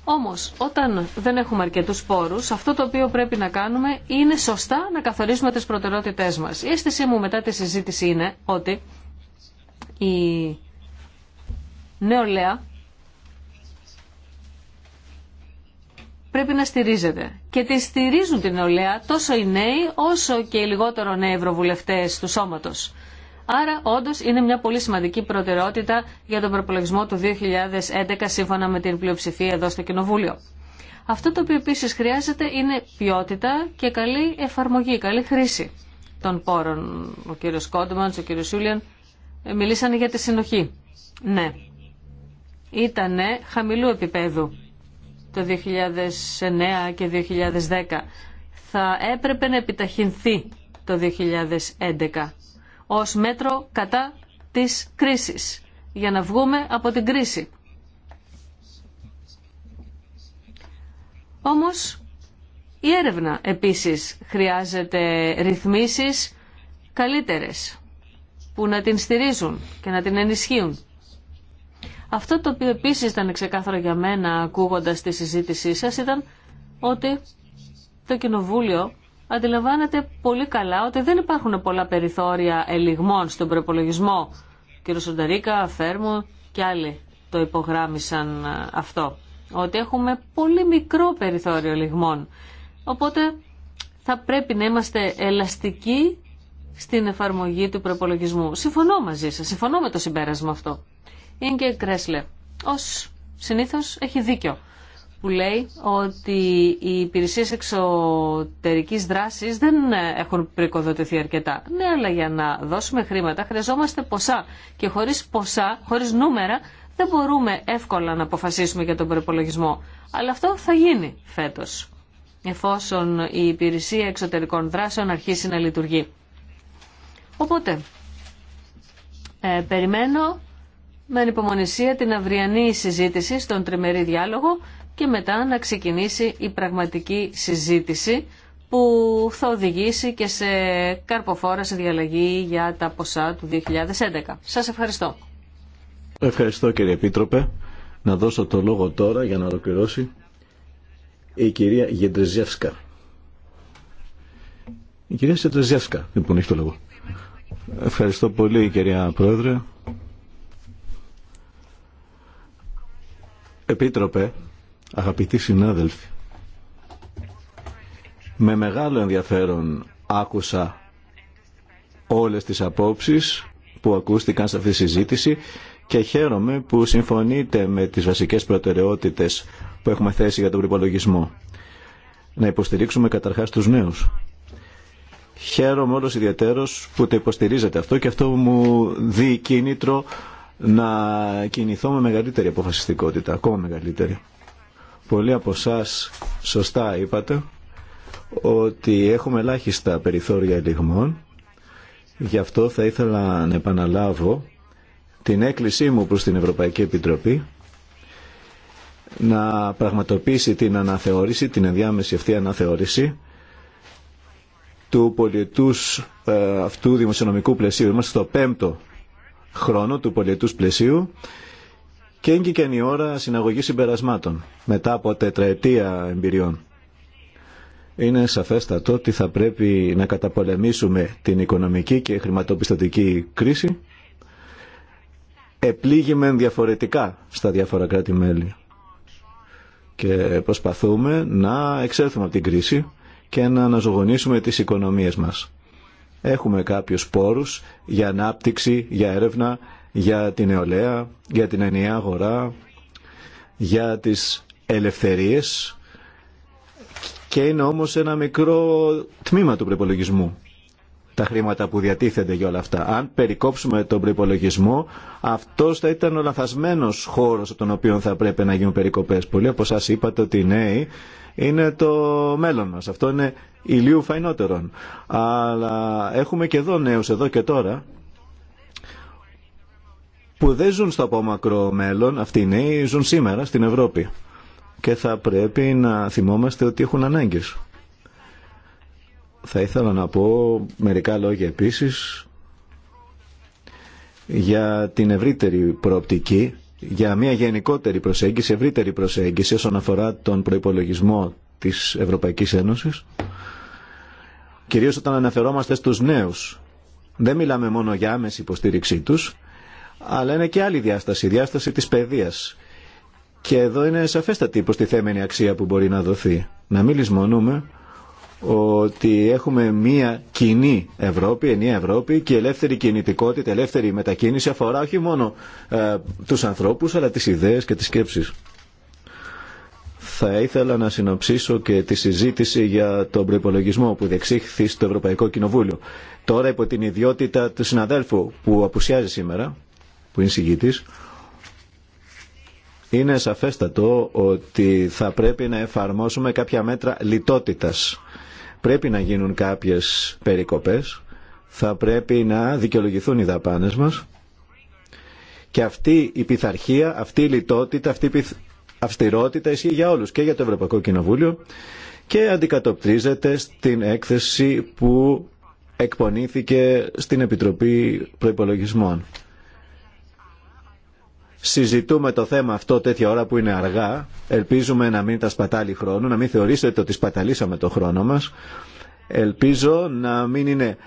Όμως, όταν δεν έχουμε αρκετού πόρου, αυτό το οποίο πρέπει να κάνουμε είναι σωστά να καθορίσουμε τι προτεραιότητε μα. Η αίσθησή μου μετά τη συζήτηση είναι ότι η νεολαία πρέπει να στηρίζεται. Και τη στηρίζουν την νεολαία τόσο οι νέοι όσο και οι λιγότερο νέοι ευρωβουλευτέ του σώματο. Άρα, όντω, είναι μια πολύ σημαντική προτεραιότητα για τον προπολογισμό του 2011 σύμφωνα με την πλειοψηφία εδώ στο Κοινοβούλιο. Αυτό το οποίο επίση χρειάζεται είναι ποιότητα και καλή εφαρμογή, καλή χρήση των πόρων. Ο κύριο Κόντμαντ, ο κύριο Σούλιαν ε, μιλήσανε για τη συνοχή. Ναι, Ητανε χαμηλού επίπεδου το 2009 και 2010. Θα έπρεπε να επιταχυνθεί το 2011 ως μέτρο κατά της κρίσης, για να βγούμε από την κρίση. Όμως η έρευνα επίσης χρειάζεται ρυθμίσεις καλύτερες που να την στηρίζουν και να την ενισχύουν. Αυτό το οποίο επίσης ήταν ξεκάθαρο για μένα ακούγοντας τη συζήτησή σας ήταν ότι το Κοινοβούλιο αντιλαμβάνεται πολύ καλά ότι δεν υπάρχουν πολλά περιθώρια ελιγμών στον προπολογισμό. Κύριο Σονταρίκα, Φέρμου και άλλοι το υπογράμμισαν ε, αυτό. Ότι έχουμε πολύ μικρό περιθώριο ελιγμών. Οπότε θα πρέπει να είμαστε ελαστικοί στην εφαρμογή του προπολογισμού. Συμφωνώ μαζί σας, συμφωνώ με το συμπέρασμα αυτό. Είναι και Κρέσλε, ως συνήθως έχει δίκιο που λέει ότι οι υπηρεσίε εξωτερική δράση δεν έχουν πρικοδοτηθεί αρκετά. Ναι, αλλά για να δώσουμε χρήματα χρειαζόμαστε ποσά. Και χωρί ποσά, χωρί νούμερα, δεν μπορούμε εύκολα να αποφασίσουμε για τον προπολογισμό. Αλλά αυτό θα γίνει φέτο, εφόσον η υπηρεσία εξωτερικών δράσεων αρχίσει να λειτουργεί. Οπότε, ε, περιμένω με ανυπομονησία την αυριανή συζήτηση στον τριμερή διάλογο και μετά να ξεκινήσει η πραγματική συζήτηση που θα οδηγήσει και σε καρποφόρα σε διαλλαγή για τα ποσά του 2011. Σας ευχαριστώ. Ευχαριστώ κύριε Επίτροπε. Να δώσω το λόγο τώρα για να ολοκληρώσει η κυρία Γεντρεζεύσκα. Η κυρία Σετρεζεύσκα, λοιπόν, έχει το λόγο. Ευχαριστώ πολύ κυρία Πρόεδρε. Επίτροπε, αγαπητοί συνάδελφοι, με μεγάλο ενδιαφέρον άκουσα όλες τις απόψεις που ακούστηκαν σε αυτή τη συζήτηση και χαίρομαι που συμφωνείτε με τις βασικές προτεραιότητες που έχουμε θέσει για τον προπολογισμό. Να υποστηρίξουμε καταρχάς τους νέους. Χαίρομαι όλος ιδιαίτερος που το υποστηρίζετε αυτό και αυτό μου δει κίνητρο να κινηθώ με μεγαλύτερη αποφασιστικότητα, ακόμα μεγαλύτερη. Πολλοί από εσά σωστά είπατε ότι έχουμε ελάχιστα περιθώρια ελιγμών. Γι' αυτό θα ήθελα να επαναλάβω την έκκλησή μου προς την Ευρωπαϊκή Επιτροπή να πραγματοποιήσει την αναθεώρηση, την ενδιάμεση αυτή αναθεώρηση του πολιτούς ε, αυτού δημοσιονομικού πλαισίου. Είμαστε στο πέμπτο χρόνο του πολιτού πλαισίου και έγκυκε η ώρα συναγωγής συμπερασμάτων μετά από τετραετία εμπειριών. Είναι σαφέστατο ότι θα πρέπει να καταπολεμήσουμε την οικονομική και χρηματοπιστωτική κρίση επλήγημεν διαφορετικά στα διάφορα κράτη-μέλη και προσπαθούμε να εξέλθουμε από την κρίση και να αναζωογονήσουμε τις οικονομίες μας. Έχουμε κάποιους πόρους για ανάπτυξη, για έρευνα, για την νεολαία, για την ενιαία αγορά, για τις ελευθερίες και είναι όμως ένα μικρό τμήμα του προπολογισμού τα χρήματα που διατίθενται για όλα αυτά. Αν περικόψουμε τον προπολογισμό, αυτό θα ήταν ο λανθασμένο χώρο από τον οποίο θα πρέπει να γίνουν περικοπέ. Πολλοί από εσά είπατε ότι οι νέοι είναι το μέλλον μας. Αυτό είναι ηλίου φαϊνότερον. Αλλά έχουμε και εδώ νέους εδώ και τώρα που δεν ζουν στο απόμακρο μέλλον, αυτοί οι νέοι ζουν σήμερα στην Ευρώπη. Και θα πρέπει να θυμόμαστε ότι έχουν ανάγκες. Θα ήθελα να πω μερικά λόγια επίσης για την ευρύτερη προοπτική για μια γενικότερη προσέγγιση, ευρύτερη προσέγγιση όσον αφορά τον προϋπολογισμό της Ευρωπαϊκής Ένωσης, κυρίως όταν αναφερόμαστε στους νέους. Δεν μιλάμε μόνο για άμεση υποστήριξή τους, αλλά είναι και άλλη διάσταση, η διάσταση της παιδείας. Και εδώ είναι σαφέστατη υποστηθέμενη αξία που μπορεί να δοθεί. Να μην λησμονούμε ότι έχουμε μία κοινή Ευρώπη, ενιαία Ευρώπη και ελεύθερη κινητικότητα, ελεύθερη μετακίνηση αφορά όχι μόνο ε, τους ανθρώπους αλλά τις ιδέες και τις σκέψεις. Θα ήθελα να συνοψίσω και τη συζήτηση για τον προπολογισμό που διεξήχθη στο Ευρωπαϊκό Κοινοβούλιο. Τώρα υπό την ιδιότητα του συναδέλφου που απουσιάζει σήμερα, που είναι συγγητής, είναι σαφέστατο ότι θα πρέπει να εφαρμόσουμε κάποια μέτρα λιτότητας Πρέπει να γίνουν κάποιες περικοπές, θα πρέπει να δικαιολογηθούν οι δαπάνες μας και αυτή η πειθαρχία, αυτή η λιτότητα, αυτή η αυστηρότητα ισχύει για όλους και για το Ευρωπαϊκό Κοινοβούλιο και αντικατοπτρίζεται στην έκθεση που εκπονήθηκε στην Επιτροπή Προϋπολογισμών συζητούμε το θέμα αυτό τέτοια ώρα που είναι αργά. Ελπίζουμε να μην τα σπατάλει χρόνο, να μην θεωρήσετε ότι σπαταλήσαμε το χρόνο μας. Ελπίζω να μην είναι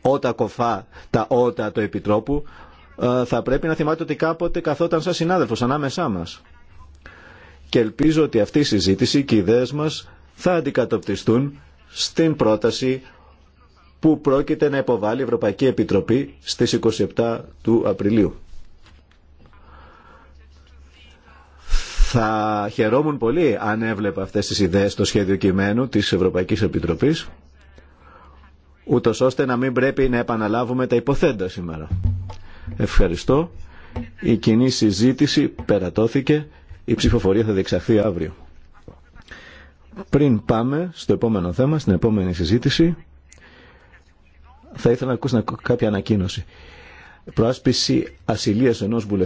ότα κοφά τα ότα του Επιτρόπου. Ε, θα πρέπει να θυμάται ότι κάποτε καθόταν σαν συνάδελφος ανάμεσά μας. Και ελπίζω ότι αυτή η συζήτηση και οι ιδέες μας θα αντικατοπτριστούν στην πρόταση που πρόκειται να υποβάλει η Ευρωπαϊκή Επιτροπή στις 27 του Απριλίου. Θα χαιρόμουν πολύ αν έβλεπα αυτές τις ιδέες στο σχέδιο κειμένου της Ευρωπαϊκής Επιτροπής, ούτω ώστε να μην πρέπει να επαναλάβουμε τα υποθέντα σήμερα. Ευχαριστώ. Η κοινή συζήτηση περατώθηκε. Η ψηφοφορία θα διεξαχθεί αύριο. Πριν πάμε στο επόμενο θέμα, στην επόμενη συζήτηση, θα ήθελα να ακούσω κάποια ανακοίνωση. Προάσπιση ασυλίας ενός βουλευτή.